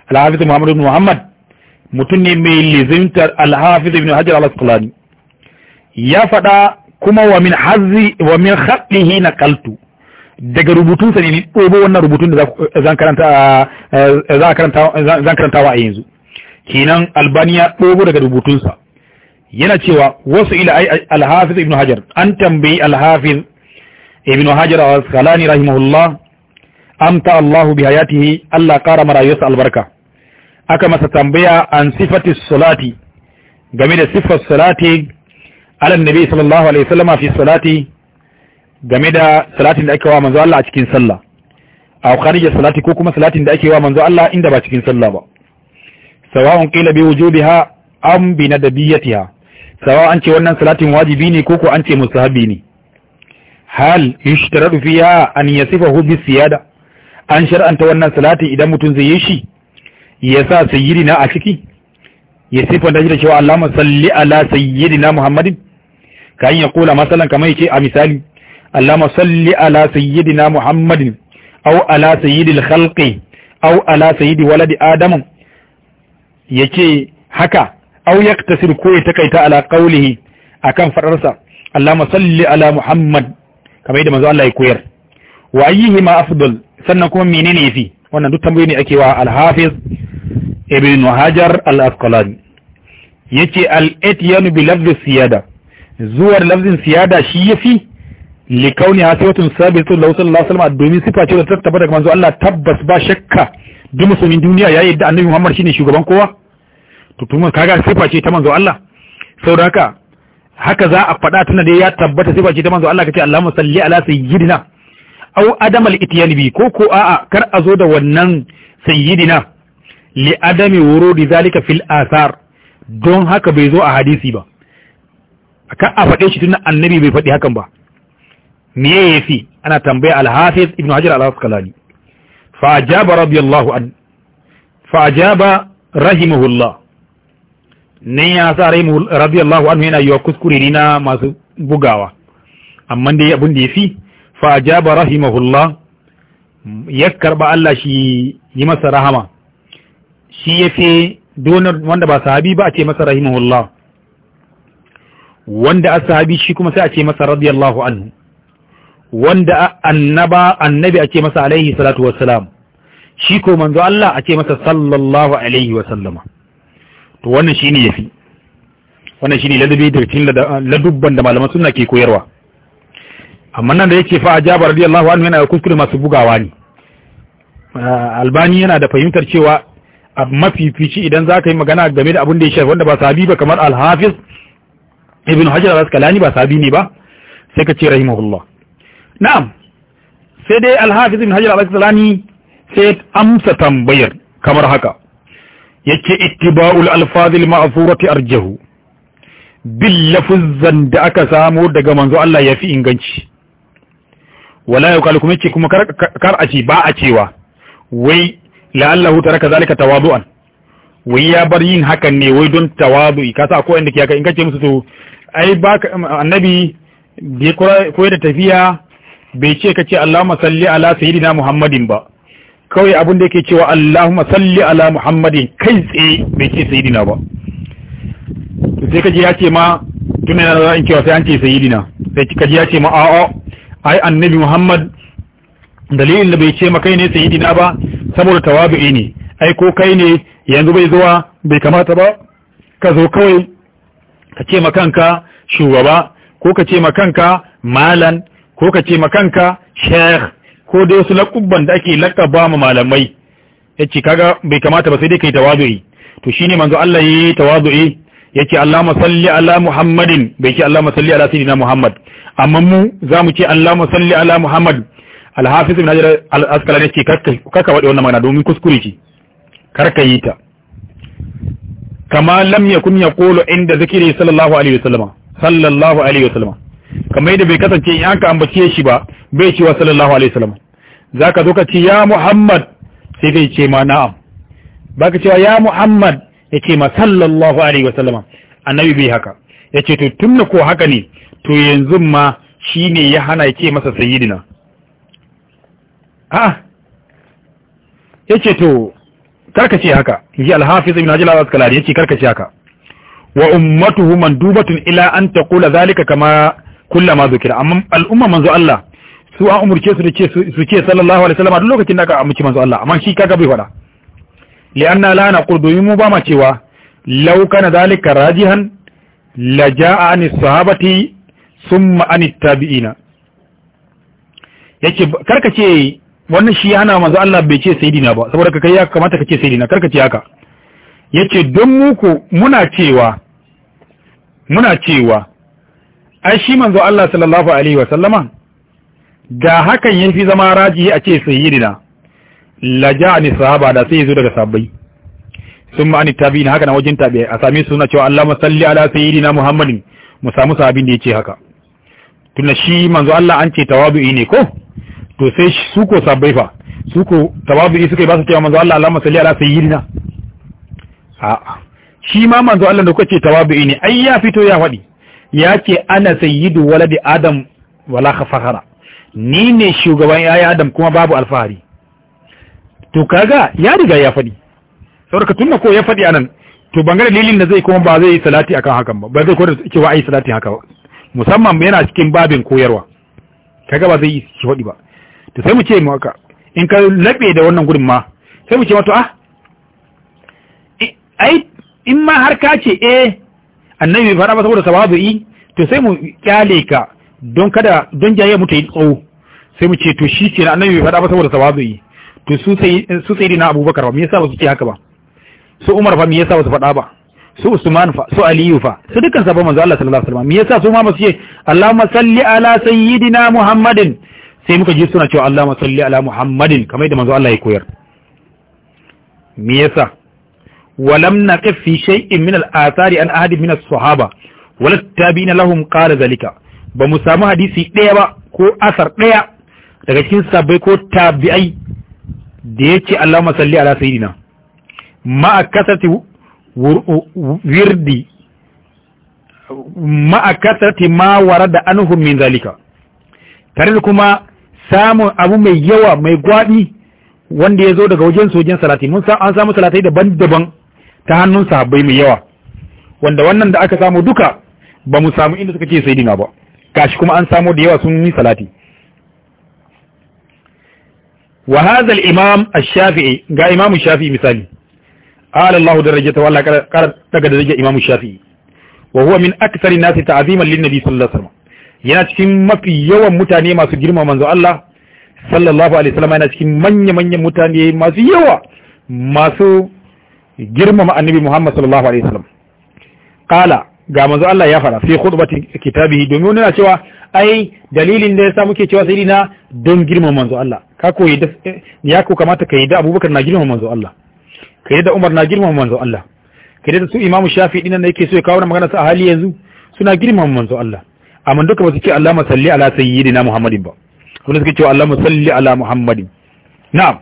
al-hafiz Muhammad Muhammad mutum ne mai lizimtar al-hafiz ibn Hajar al-Asqalani ya faɗa kuma wa min hazzi wa min khatihi naqaltu daga rubutunsa ne dobo wannan rubutun za karanta a yanzu kinan Albania ɗobo daga rubutunsa yana cewa wasu ila al-hafiz ibn hajar an tambayi al-hafiz ibn hajar al-asqalani rahimahullah amta Allah bi hayatihi Allah kara marayuwarsa albarka aka masa tambaya an sifati salati game da sifar salati ala nabi sallallahu alaihi wasallam fi salati game da salatin da ake wa manzo Allah a cikin sallah aw kharija salati ko kuma salatin da ake wa manzo Allah inda ba cikin sallah ba sawa'un qila bi wujubiha am bi nadabiyatiha sawa an ce wannan salatin wajibi ne ko ko an ce mustahabi ne hal yushtaradu fiha an yasifahu bi siyada an shar'anta wannan salatin idan mutum zai yi shi ya sa sayyidina a ciki ya sifanta shi da cewa Allahumma salli ala sayyidina Muhammadin kan ya kula masalan kamar ce a misali Allahumma salli ala sayyidina Muhammadin aw ala sayyidil khalqi aw ala sayyidi waladi adam yace haka aw yaktasir ko ya takaita ala qawlihi akan fadarsa Allahumma salli ala Muhammad kamar yadda manzo Allah ya koyar wa ayyihi ma afdal sannan kuma menene yafi wannan duk tambayoyi ne ake wa al-Hafiz Ibn Hajar al-Asqalani yace al-ityan bi lafzi siyada zuwar lafzin siyada shi yafi li kauni hasiwatun sabitun lahu sallallahu alaihi wasallam domin sifa ce da ta tabbata daga manzo Allah tabbas ba shakka duk musulmin duniya ya yadda annabi Muhammad shine shugaban kowa to tuma kaga sifa ce ta manzo Allah da haka haka za a faɗa tana da ya tabbata sifa ce ta manzo Allah ce Allahumma salli ala sayyidina Au adam al bi ko ko a'a kar a zo da wannan sayyidina li adami di zalika fil asar. don haka bai zo a hadisi ba kar a faɗe shi tun annabi bai faɗi hakan ba me ya fi ana tambaya alhafiz ibn hajar al-asqalani fa ajaba radiyallahu an fa ajaba rahimahullah nan ya sa rai mu radiyallahu anhu yana yiwa kuskure ni na masu bugawa amma dai abin da ya fi fa ajaba rahimahullah ya karba Allah shi yi masa rahama shi ya fi donar wanda ba sahabi ba a ce masa rahimahullah wanda a sahabi shi kuma sai a ce masa radiyallahu anhu wanda annaba annabi a ce masa alaihi salatu wassalam shi ko manzo Allah a ce masa sallallahu alaihi sallama. to wannan shine yafi wannan shine ladabi daga cikin ah, ladubban da malaman sunna ke koyarwa amma nan da yake fa ajaba radiyallahu anhu yana kuskure masu bugawa ne ah, albani yana da fahimtar cewa a mafifici idan za ka yi magana game da abin da ya shafi wanda ba sabi ba kamar alhafiz ibn hajar al-asqalani ba sabi ne ba sai ka ce rahimahullah na'am sai dai alhafiz ibn hajar al-asqalani sai amsa tambayar kamar haka yake ittiba'ul alfazil ma'thurati arjahu bil lafzan da aka samu daga manzo Allah yafi inganci wala yuqalu kuma yace kuma kar a ce ba a cewa wai la'allahu taraka zalika tawadu'an wai ya bar yin hakan ne wai don tawadu'i kasa akwai inda ke in kace musu to ai ba annabi bai koyar da tafiya bai ce ka ce Allahumma salli ala sayyidina Muhammadin ba kawai abin da yake cewa Allahumma salli ala Muhammadin kai tsaye bai ce sayidina ba sai kaji ya ce ma tunan yana za in cewa sai an ce sayidina sai kaji ya ce ma a'a ai annabi Muhammad dalilin da bai ce ma kai ne sayidina ba saboda tawabi'i ne ai ko kai ne yanzu bai zuwa bai kamata ba ka zo kawai ka ce ma kanka shugaba ko ka ce ma kanka malan ko ka ce ma kanka sheikh ko dai wasu laƙubban da ake laƙaba ma malamai yace kaga bai kamata ba sai dai kai tawazu'i to shine manzo Allah ya yayi tawazu'i ce Allahumma salli ala Muhammadin bai ce Allahumma salli ala sayyidina Muhammad amma mu za mu ce Allahumma salli ala Muhammad al-Hafiz ibn Hajar al-Asqalani yace kaka wadi wannan magana domin kuskure ce karka yi ta kama lam yakun yaqulu inda zikri sallallahu alaihi wasallam sallallahu alaihi wasallam kamar yadda bai kasance in aka ambace shi ba bai ce wa sallallahu alaihi wasallam zaka zo ka ce ya Muhammad sai kai ce ma na'am baka cewa ya Muhammad ya ce ma sallallahu alaihi wasallam annabi bai haka ya ce to tunda ko haka ne to yanzu ma shine ya hana ya ce masa sayyidina ah yace ce to karkace haka ji alhafiz ibn hajar al-asqalani yace karkace haka wa ummatuhu mandubatun ila an taqula zalika kama Kulla ma zukira amma al'umma manzo Allah su an umurce su da ce su ce sallallahu alaihi wasallam duk lokacin da aka amurci manzo Allah amma shi kaga bai faɗa anna la na domin mu ba ma cewa law kana zalika rajihan la ja'a an sahabati thumma an tabi'ina yace karka ce wannan shi hana manzo Allah bai ce sayidina ba saboda ka kai ya kamata ka ce sayidina karka ce haka yace don muku muna cewa muna cewa ai shi manzo Allah sallallahu alaihi wa sallama da hakan yafi zama raji a ce sayyidina la ja'ani sahaba da sai zo daga sabbai summa an tabi'in haka na wajen tabi'i a sami suna cewa Allahumma salli ala sayyidina Muhammadin mu samu sahabin da yace haka tunda shi manzo Allah an ce tawabi'i ne ko to sai su ko sabbai fa su ko tawabi'i suka yi ba su cewa manzo Allah Allahumma salli ala sayyidina a'a shi ma manzo Allah da kuka ce tawabi'i ne ai ya fito ya faɗi ya ce ana sayyidu waladi adam wala fahara ni ne shugaban yayi adam kuma babu alfahari to kaga ya riga ya faɗi saboda tunna ko ya faɗi anan to bangare lilin da zai kuma ba zai yi salati akan hakan ba ba zai koyar wa ayi salati haka ba musamman yana cikin babin koyarwa kaga ba zai yi shi faɗi ba to sai mu ce mu haka in ka labe da wannan gurin ma sai mu ce mato ah ai in ma har ka ce eh annabi bai faɗa ba saboda tawadu'i to sai mu kyale ka don kada don jaye mu ta yi tsawo sai mu ce to shi ke annabi bai faɗa ba saboda tawadu'i to su sai su sai dina Abubakar ba me yasa ba su ce haka ba su Umar fa me yasa ba su faɗa ba su Usman fa su Aliyu fa su dukkan sabon manzo Allah sallallahu alaihi wasallam me yasa su ma ba su ce Allahumma salli ala sayyidina Muhammadin sai muka ji suna cewa Allahumma salli ala Muhammadin kamar da manzo Allah ya koyar me yasa ولم نقف في شيء من الآثار عن أحد من الصحابة ولا zalika. Ba mu sami hadisi ɗaya ba ko أثر ɗaya daga cikin sabbai ko tabi'ai da ya ce Allah masalli ala sayidina ma'a kasati wirdi da anuhum min zalika tare da kuma samun abu mai yawa mai gwaɗi wanda ya zo daga wajen sojan salati mun an samu salatai daban-daban ta hannun sahabbai mai yawa wanda wannan da aka samu duka ba mu samu inda suka ce sayyidina ba gashi kuma an samu da yawa sun yi salati wa hadha al-imam ash-shafi'i ga imam ash-shafi'i misali ala Allah darajata walla kar daga darajar imam ash-shafi'i wa huwa min akthari an ta'ziman lin-nabi sallallahu alaihi wasallam yana cikin mafi yawan mutane masu girma manzo Allah sallallahu alaihi wasallam yana cikin manya-manyan mutane masu yawa masu girmama annabi Muhammad sallallahu alaihi wasallam qala ga manzo Allah ya fara fi khutbati kitabihi domin wannan cewa ai dalilin da yasa muke cewa sayyidina don girmama manzo Allah ka koyi da ya ko kamata ka yi da Abubakar na girmama manzo Allah ka yi da Umar na girmama manzo Allah ka yi da su Imam Shafi din nan yake so ya kawo magana sa hali yanzu suna girmama manzo Allah amma duka ba su ce Allah masalli ala sayyidina Muhammadin ba wanda suke cewa Allah salli ala Muhammadin na'am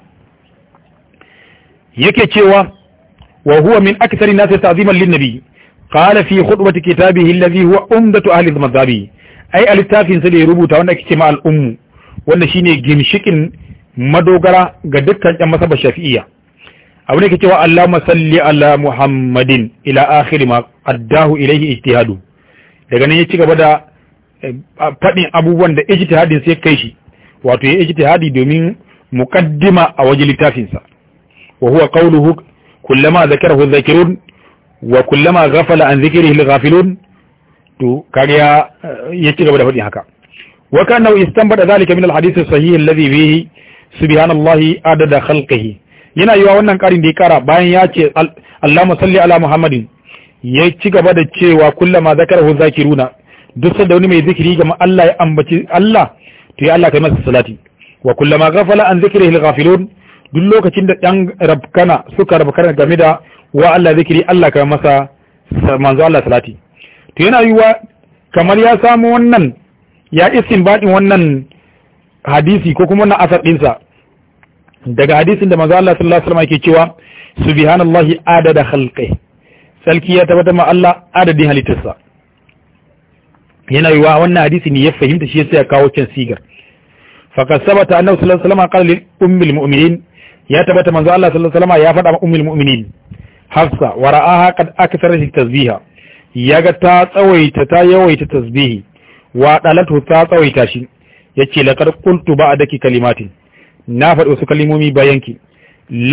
yake cewa وهو من أكثر الناس تعظيما للنبي قال في خطبة كتابه الذي هو أمدة أهل المذهب أي التافين سلي ربوتا وانا اجتماع الأم وانا شيني جمشك مدوغرا قدتا جمسة بالشافئية أولا كتوا اللهم صلي على محمد إلى آخر ما أداه إليه اجتهاده daga nan ya ci gaba da faɗin abubuwan da ijtihadin sai kai shi wato ya ijtihadi domin muqaddima a wajen littafinsa wa huwa qawluhu kullama zakarahu zakirun wa kullama ghafala an zikrihi al-ghafilun to ya ci gaba da faɗin haka wa kana istanbada zalika min al-hadith as-sahih yana yiwa wannan karin da ya kara bayan ya ce Allahumma salli ala Muhammadin ya ci gaba da cewa kullama zakarahu zakiruna duk sanda wani mai zikiri ga Allah ya ambaci Allah to ya Allah kai masa salati wa kullama ghafala an zikrihi al-ghafilun duk lokacin da ɗan rabkana suka rabkana game da wa Allah zikiri Allah ka masa manzo Allah salati to yana yiwa kamar ya samu wannan ya isin baɗin wannan hadisi ko kuma wannan asar dinsa daga hadisin da manzo Allah sallallahu alaihi wasallam yake cewa subhanallahi adada khalqi salki ya tabbata ma Allah adadin halittarsa yana yiwa wannan hadisi ne ya fahimta shi sai ya kawo can sigar faqad sabata annahu sallallahu alaihi wasallam qala lil ummil mu'minin ya tabbata manzo Allah sallallahu alaihi wasallam ya faɗa ummul mu'minin hafsa wa ra'aha qad aktharat tasbiha yaga ta tsawaita ta yawaita tasbihi wa dalatu ta tsawaita shi yace laqad qultu ba'daki kalimatin na faɗi wasu kalimomi bayanki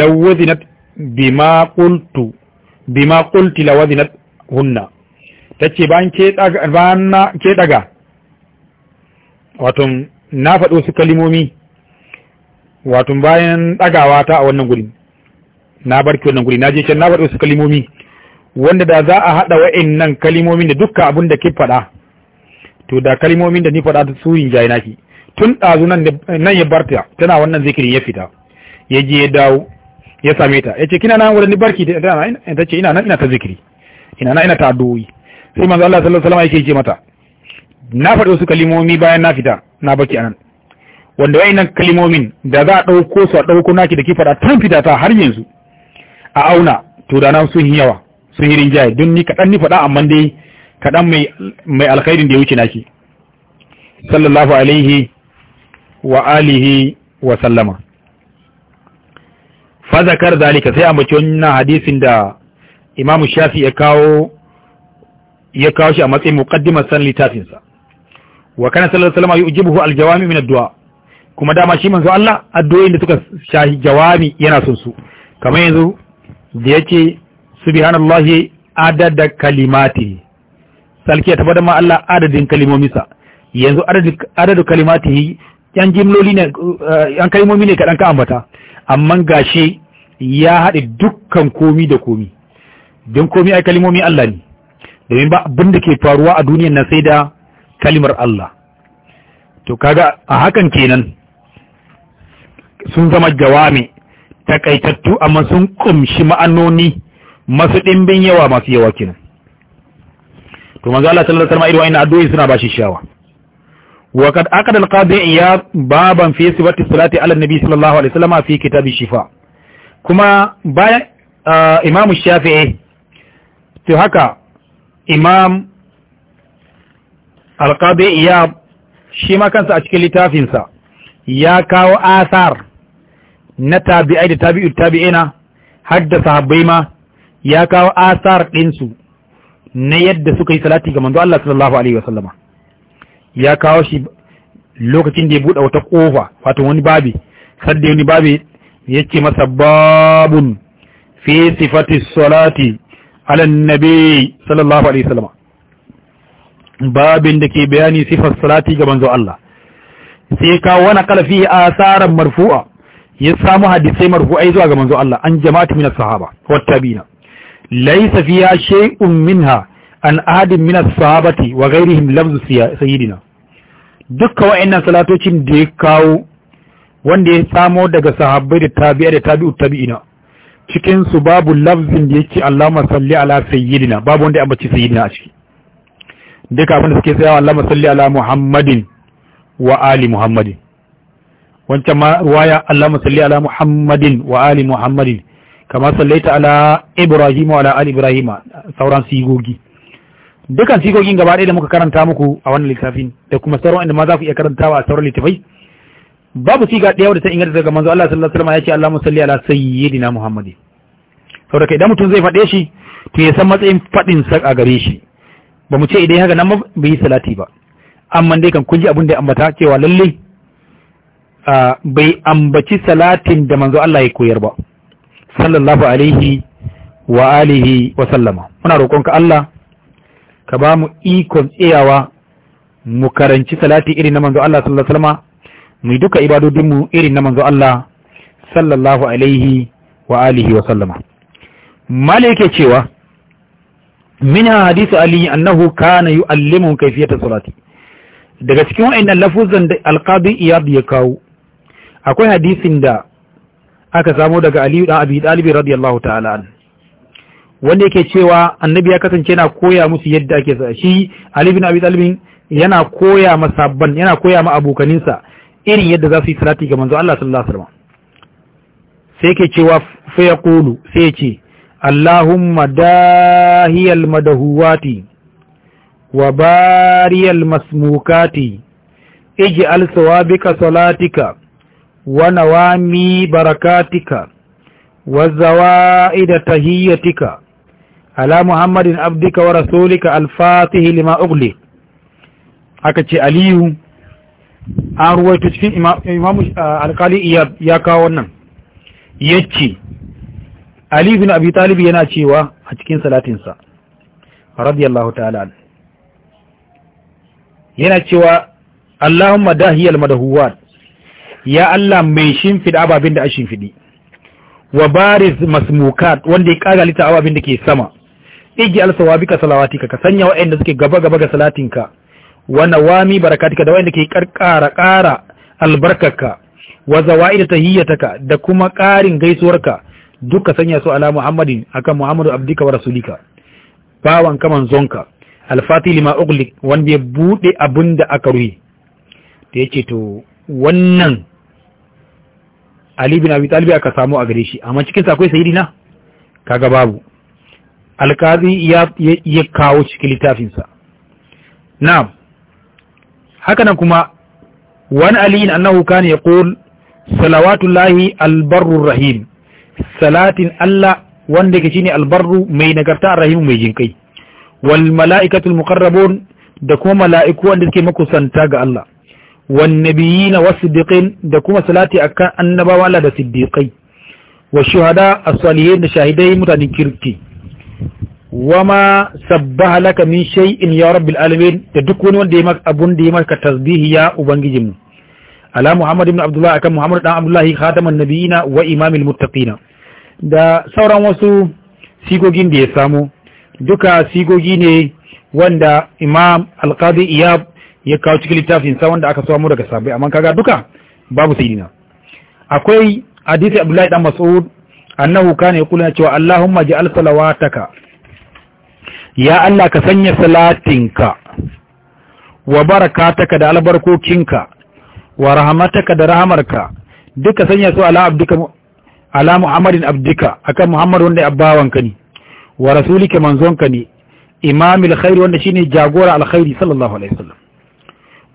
lawazinat bima qultu bima qulti lawazinat hunna tace bayan ke daga bayan ke daga wato na faɗi wasu kalimomi wato bayan ɗagawa ta a wannan guri na barki wannan guri na je can na bar wasu kalimomi wanda da za a haɗa wa'annan kalimomin da dukkan abin da ke faɗa to da kalimomin da ni faɗa su jayi naki tun ɗazu nan ya barta tana wannan zikirin ya fita ya je ya dawo ya same ta yace kina nan wurin barki ta ce ina nan ina ta zikiri ina nan ina ta addu'o'i sai manzo Allah sallallahu alaihi wasallam yake ce mata na faɗi su kalimomi bayan na fita na baki anan wanda nan kalimomin da za a ɗauko su a ɗauko naki da ke faɗa tan fita ta har yanzu a auna to da nan sun yi yawa sun yi rinjaye don ni kaɗan ni faɗa amma dai kaɗan mai alkhairin da ya wuce naki sallallahu alaihi wa alihi wa sallama fa zakar zalika sai ambaci wannan hadisin da imamu shafi ya kawo ya kawo shi a matsayin muqaddimar san littafinsa wa kana sallallahu alaihi wa sallam yujibuhu aljawami min addu'a kuma dama shi manzo Allah addu'o'in da suka shahi jawami yana son su kamar yanzu da yace subhanallahi adada kalimati salki ta bada ma Allah adadin kalimomi sa. yanzu adadu kalimati yan jimloli ne eh, yan kalimomi ne kadan ka ambata amma gashi ya haɗe dukkan komi da komi don komi ai kalimomi Allah ne domin ba abin da ke faruwa a duniyar nan sai da kalimar Allah to kaga a hakan kenan sun zama jawami takaitattu amma sun kumshi ma'anoni masu ɗimbin yawa masu yawa kenan to manzo Allah sallallahu alaihi wasallam irin addu'o'i suna bashi shawa wa kad aqada al-qadi iyad baban fi sifati salati ala nabi sallallahu alaihi wasallam fi kitab shifa kuma bayan imam shafi'i to haka imam al-qadi iyad shi ma kansa a cikin littafinsa ya kawo asar na tabi'ai da tabi'u tabi'ina har da sahabbai ma ya kawo asar ɗinsu na yadda suka yi salati ga manzo Allah sallallahu alaihi wasallama ya kawo shi lokacin da ya buɗe wata ƙofa wato wani babi sadda wani babi ya ce masa babun fi sifati salati ala nabi sallallahu alaihi wasallama babin da ke bayani sifar salati ga manzo Allah sai kawo wani kalafi asaran marfu'a ya samu hadisai marfu'ai zuwa ga manzo Allah an jama'atu min as-sahaba wa tabi'ina laysa fiha shay'un minha an ahadin min as-sahabati wa ghayrihim lafzu sayyidina dukka wa'annan salatocin da ya kawo wanda ya samo daga sahabbai da tabi'a da tabi'u tabi'ina cikin su babu lafzin da yake Allahumma salli ala sayyidina babu wanda ya ambaci sayyidina a ciki duka abin da suke tsayawa Allahumma salli ala Muhammadin wa ali Muhammadin wancan ma ruwaya Allahumma salli ala Muhammadin wa ali Muhammadin kama sallaita ala Ibrahim wa ala ali Ibrahim sauran sigogi dukan sigogin gaba ɗaya da muka karanta muku a wannan littafin da kuma sauran inda ma za ku iya karanta wa a sauran littafai babu siga ɗaya wadda ta inganta daga manzo Allah sallallahu alaihi wasallam ya ce Allahumma salli ala sayyidina Muhammadin saboda idan mutum zai faɗe shi to ya san matsayin faɗin sa a gare shi ba mu ce idan haka nan bai yi salati ba amma dai kan kun ji abin da ambata cewa lalle bai ambaci salatin da manzo Allah ya koyar ba sallallahu alaihi wa alihi wa sallama muna roƙonka Allah ka ba mu ikon tsayawa mu karanci salati irin na manzo Allah sallallahu alaihi wa sallama mu duka ibadodinmu irin na manzo Allah sallallahu alaihi wa alihi wa sallama malike cewa min hadisi ali annahu kana yu'allimu kayfiyata salati daga cikin wa'annan lafuzan da alqadi iyad ya kawo akwai hadisin da aka samu daga Aliyu da Abi Talib radiyallahu ta'ala an wanda yake cewa annabi ya kasance yana koya musu yadda ake sa shi Ali bin Abi Talib yana koya ma sabban yana koya ma abokaninsa irin yadda za su yi salati ga manzo Allah sallallahu alaihi wasallam sai yake cewa fa yaqulu sai ya ce Allahumma dahiyal madahuwati wa bariyal masmukati ij'al sawabika salatika wa nawami barakatika wa zawa'ida tahiyyatika ala muhammadin abdika wa rasulika al-fatihi lima ugli aka ce aliyu an ruwaito cikin imamu alkali ya kawo wannan yacce aliyu bin abi yana cewa a cikin salatinsa radiyallahu ta'ala yana cewa allahumma dahiyal madahuwat ya Allah mai shimfiɗa ababin da a shimfidi wa baris masmukat wanda ya kaga lita ababin da ke sama wa bika salawati ka sanya da suke gaba gaba ga salatinka wana wami barakatika da da ke karkara kara albarkarka wa zawaid tahiyyataka da kuma ƙarin gaisuwarka duka sanya su ala muhammadin akan muhammadu abdika wa rasulika bawan kaman zonka alfati lima ughliq wanda ya abin abinda aka ruhi da ce, to wannan ali bin abi talib aka samu a gare shi amma cikin sa akwai sayyidina kaga babu alkazi ya ya kawo cikin littafin sa na'am hakanan nan kuma wani aliyin annahu kana yaqul salawatullahi albarru rahim salatin Allah wanda yake shine albarru mai nagarta rahim mai jinkai wal mala'ikatul muqarrabun da kuma mala'iku wanda suke makusanta ga Allah wannabiyina nabiyina da kuma salati akan annabawa Allah da siddiqai wa shuhada as-salihin da shahidai mutanen kirki wama sabbaha laka min shay'in ya rabbil alamin da duk wani wanda ya maka abun da ya maka tasbihi ya mu ala muhammad ibn abdullah akan muhammad dan abdullahi khataman nabiyina wa imamil muttaqina da sauran wasu sigogin da ya samu duka sigogi ne wanda imam alqadi iyab ya kawo cikin littafin sa wanda aka samu daga sabai amma kaga duka babu sayyidina akwai hadisi abdullahi dan mas'ud annahu kana yaqulu cewa allahumma ja'al salawataka ya allah ka sanya salatinka wa barakataka da albarkokinka wa rahmataka da rahamarka duka sanya su ala abdika ala muhammadin abdika akan muhammad wanda ya bawanka ne wa rasulika manzonka ne imamil khair wanda shine jagora alkhairi sallallahu alaihi wasallam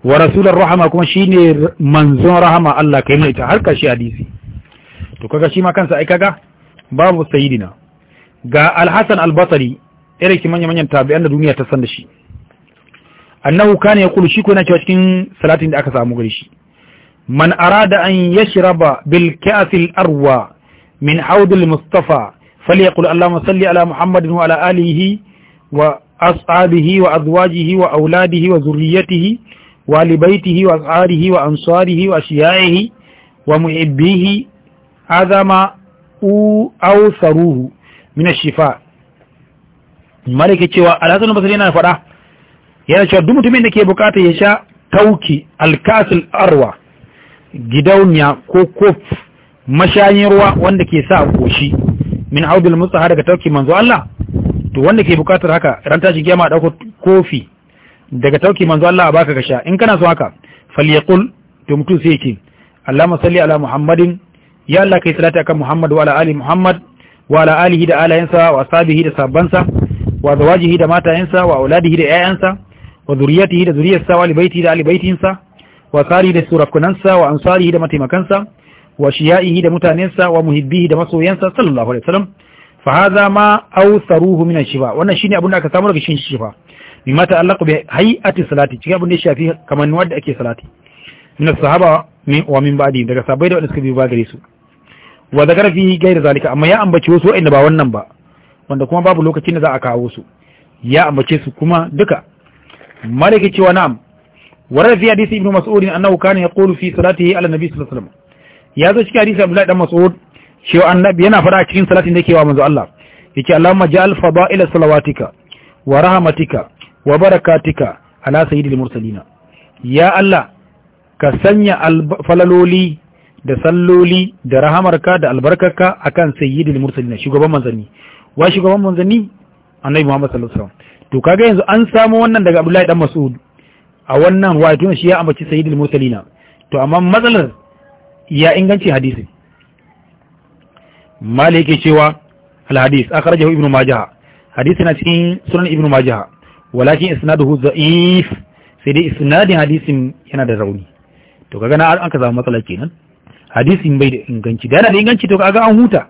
wa rasulur rahama kuma shine manzon rahama Allah kai mai ta har kashi hadisi to kaga shi ma kansa ai kaga babu sayyidina ga al-Hasan al-Basri irin ki manyan manyan tabi'an da duniya ta san da shi annahu kana yaqulu shi ko yana cewa cikin salatin da aka samu gare shi man arada an yashraba bil ka'sil arwa min haud al-mustafa falyaqul allahumma salli ala muhammadin wa ala alihi wa ashabihi wa azwajihi wa auladihi wa zurriyyatihi ولبيته وأسعاره وأنصاره وأشيائه ومحبيه هذا ما أوثروه من الشفاء مالك cewa alhassan basri yana faɗa yana cewa duk mutumin da ke bukata ya sha tauki alkasil arwa gidauniya ko kof mashayin ruwa wanda ke sa koshi min audul mutsaha daga tauki manzo Allah to wanda ke bukatar haka ran tashi kiyama dauko kofi daga tauki manzo Allah baka ka sha in kana so haka falyaqul to mutum sai yake Allahumma salli ala Muhammadin ya Allah kai salati akan Muhammad wa ala ali Muhammad wa ala alihi da alayansa wa ashabihi da sabbansa wa zawajihi da matayensa wa auladihi da 'ya'yansa, wa zuriyatihi da zuriyarsa wa libaiti da alibaitinsa wa sari da surakunansa wa ansarihi da mataimakansa wa shiya'ihi da mutanensa wa muhibbihi da masoyansa sallallahu alaihi wasallam fa hadha ma awsaruhu min shifa wannan shine abin da aka samu daga shin shifa مما تعلق bi hay'ati salati cikin abin da ya shafi kamar wanda ake salati min sahaba wa min ba'di daga sahabbai da wanda suka bi ba gare su wa zakara fi gairi zalika amma ya ambace wasu wa'anda ba wannan ba wanda kuma babu lokacin da za a kawo su ya ambace su kuma duka malaki cewa na'am warar fi hadisi ibnu mas'ud annahu kana yaqulu fi salatihi ala nabi sallallahu alaihi wasallam ya zo cikin hadisi abdullahi dan mas'ud cewa annabi yana fara cikin wa barakatika ala sayyidil mursalina ya Allah ka sanya falaloli da salloli da rahamarka da albarkarka akan sayyidil mursalina shugaban manzanni wa shugaban manzanni annabi Muhammad sallallahu alaihi wasallam to kaga yanzu an samu wannan daga Abdullahi dan Mas'ud a wannan wato shi ya ambaci sayyidil mursalina to amma matsalar ya inganci hadisin malik yake cewa al hadis akhrajahu ibnu majah hadisi na cikin sunan ibnu majah walakin isnaduhu za'if sai dai isnadin hadisin yana da rauni to kaga na an ka zama matsala kenan hadisin bai da inganci da yana da inganci to kaga an huta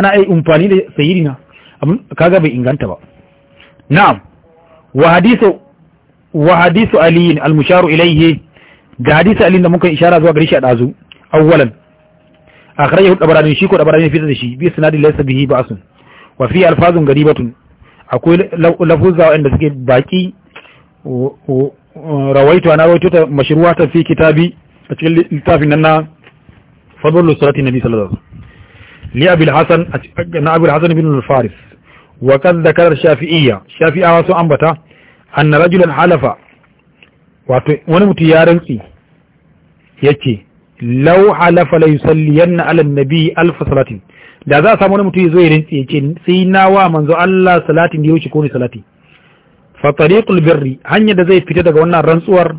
ana ai umfani da sayyidina kaga bai inganta ba na'am wa hadisu wa hadisu ali al-musharu ilayhi ga hadisu ali da muka ishara zuwa gare shi a dazu awwalan akhrajahu dabarani shi ko dabarani fitar da shi bi sanadin laysa bihi ba'sun wa fi alfazun garibatun akwai lafuzza wanda suke baki rawaito na rawaito ta mashruwa ta fi kitabi a cikin littafin nan na fadlul surati nabi sallallahu alaihi wasallam li abul hasan na abul hasan ibn al-faris wa qad dhakara shafi'iyya shafi'a wasu ambata anna rajulan halafa wato wani mutu ya rantsi yace law halafa la yusalliyanna ala an-nabi alf salatin da za a samu wani mutum ya zo ya rintsi ya ce sai na wa manzo Allah salatin da ya wuce ko ni salati fa tariqul birri hanyar da zai fita daga wannan rantsuwar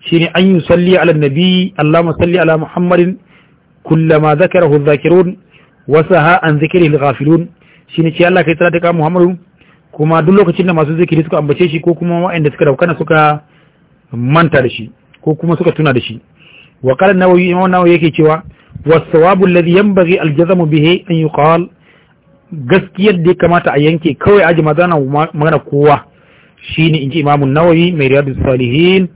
shine an yi salli ala nabi Allahumma salli ala Muhammadin kullama zakarahu adh-dhakirun wa saha an zikrihi ghafilun shine ce Allah kai salati ka Muhammadu kuma duk lokacin da masu zikiri suka ambace shi ko kuma waɗanda suka daukana suka manta da shi ko kuma suka tuna da shi wa qala nawawi imam nawawi yake cewa والثواب الذي ينبغي الجزم به أن يقال gaskiyar da ya kamata a yanke kawai aji magana magana kowa shine inji Imam Nawawi mai Riyadus Salihin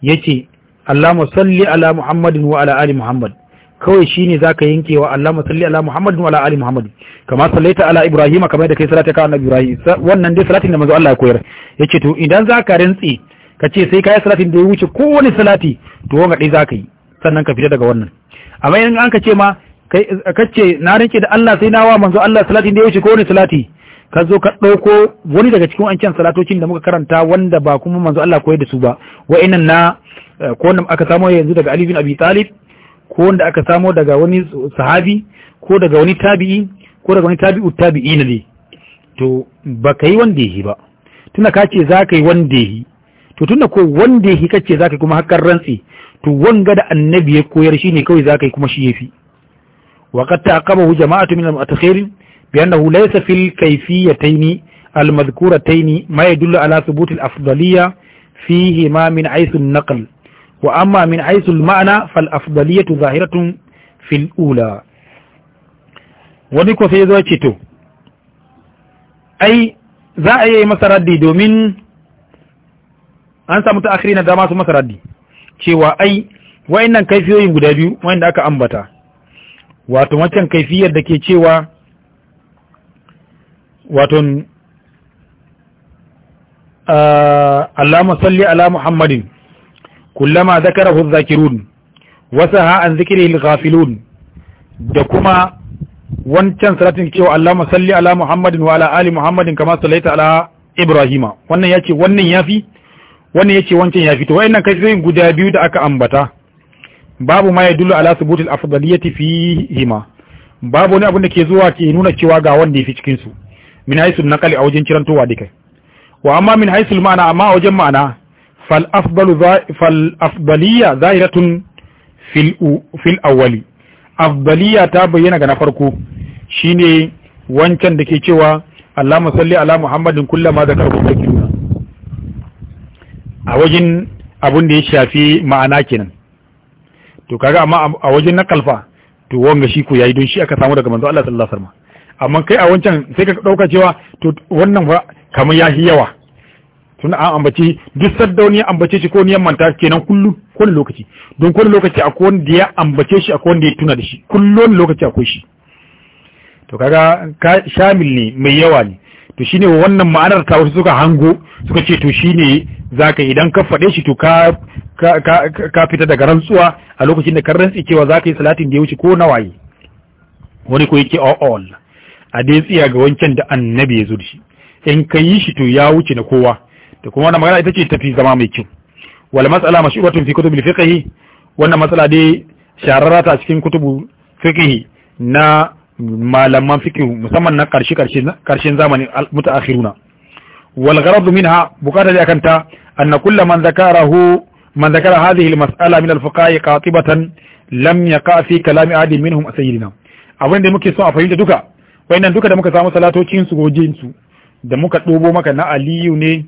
yace Allahumma salli ala Muhammadin wa ala ali Muhammad kawai shine zaka yanke wa Allahumma masalli ala Muhammadin wa ala ali Muhammad kama sallaita ala Ibrahim kamar da kai salata ka annabi Ibrahim wannan dai salatin da manzo Allah ya koyar yace to idan za ka rantsi ka ce sai ka yi salatin da ya wuce kowane salati to wanga dai ka yi sannan ka fita daga wannan amma in an ka ce ma ka ce na rinke da Allah sai na wa manzo Allah salati da yaushe ko wani salati ka zo ka ɗauko wani daga cikin wancan salatocin da muka karanta wanda ba kuma manzo Allah koyar da su ba wa'annan na eh, ko wanda aka samo yanzu daga Ali bin Abi Talib ko wanda aka samo daga wani sahabi ko daga wani tabi'i ko daga wani tabi'u tabi'in ne to ba ka yi wanda yi ba tunda ka ce za ka yi wanda yi to tunda ko wanda yi ce za ka kuma hakan rantsi to wanga da annabi ya koyar shine kawai zaka yi kuma shi yafi wa qad taqabahu jama'atu min al-mu'takhirin bi annahu laysa fil kayfiyataini al-madhkuratayn ma yadullu ala thubut al-afdaliyya fihi ma min min aysu aysu an-naql wa amma al-ma'na fal فيهما من حيث النقل وأما من حيث المعنى فالأفضلية ظاهرة في الأولى ونكو سيزو تشتو أي ذا أي مسردي دومين أنسى متأخرين دامات مسردي cewa ai wayannan kaifiyoyin guda biyu da aka ambata wato wancan kaifiyar da ke cewa wato Allahumma salli ala Muhammadin kullama zakarahu zakirun dhakirun wasaha an dhikrihi lghafilun da kuma wancan salatin cewa Allahumma salli ala Muhammadin wa ala ali Muhammadin kama sallaita ala Ibrahima wannan yace wannan yafi wannan yace wancan ya fito wayannan kai guda biyu da aka ambata babu ma yadullu ala subutil afdaliyati fihima babu wani abin da ke zuwa ke nuna cewa ga wanda ya fi cikin su min haisul naqali a wajen kirantowa dikai wa amma min haisul ma'ana amma a wajen ma'ana fal afdalu fal afdaliya zahiratun fil fil awwali afdaliya ta bayyana ga na farko shine wancan da ke cewa Allahumma salli ala Muhammadin kullama zakartu takuna a wajen abin da ya shafi ma'ana kenan to kaga amma a wajen na kalfa to wanga shi ko yayi don shi aka samu daga manzo Allah sallallahu alaihi wasallam amma kai a wancan sai ka dauka cewa to wannan fa kamar yahi yawa tun an ambace duk saddauni ya ambace shi ko niyan manta kenan kullu ko lokaci don ko lokaci akwai wanda ya ambace shi akwai wanda ya tuna da shi kullun lokaci akwai shi to kaga ka shamil ne mai yawa ne to shine wannan ma'anar ta wasu suka hango suka ce to shine zaka idan ka faɗe shi to ka fita daga rantsuwa a lokacin da ka rantsi cewa zaka yi salatin da ya wuce ko nawaye wani ko yake oh, oh, all a dai tsiya ga wancan da annabi ya zo da shi in ka yi shi to ya wuce na kowa da kuma wannan magana ita ce tafi zama mai kyau wal mas'ala mashuratun fi kutubil fiqh wannan matsala dai shararata cikin kutubu fiqh na malaman fikir musamman na karshen zamani mutaakhiruna wal gharad minha bukata da kanta anna kullu man zakarahu man zakara hadhihi al mas'ala min al fuqaha qatibatan lam yaqa fi kalam minhum sayyidina abin da muke so a fahimta duka wayannan duka da muka samu salatocin su gojin su da muka ɗobo maka na aliyu ne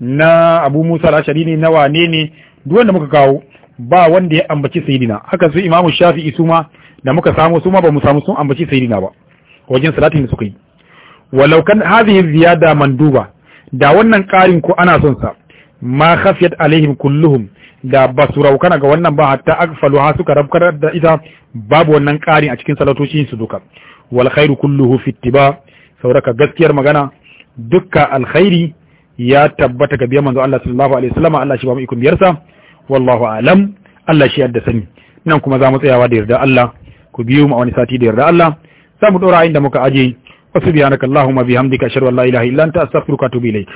na abu musa al-ashari ne na wane ne duk wanda muka kawo ba wanda ya ambaci sayyidina haka su imamu shafi'i su ma da muka samu su ma ba mu samu sun ambaci sayyidina ba wajen salatin da suka yi walau kan hadhihi ziyada manduba da wannan karin ko ana son sa ma khafiyat alaihim kulluhum da basu raukana ga wannan ba hatta akfalu ha suka rabkar da ita babu wannan karin a cikin salatocin su duka wal khairu kulluhu fi ittiba sauraka gaskiyar magana dukka alkhairi ya tabbata ga biyan manzo Allah sallallahu alaihi wasallam Allah shi ba mu ikon biyarsa wallahu alam Allah shi yadda sani nan kuma za mu tsayawa da yarda Allah ku biyo mu a wani sati da yarda Allah za mu dora inda muka aje wasu biyanaka kallahu mabi ashhadu an la ilaha illa anta astaghfiruka wa ilaik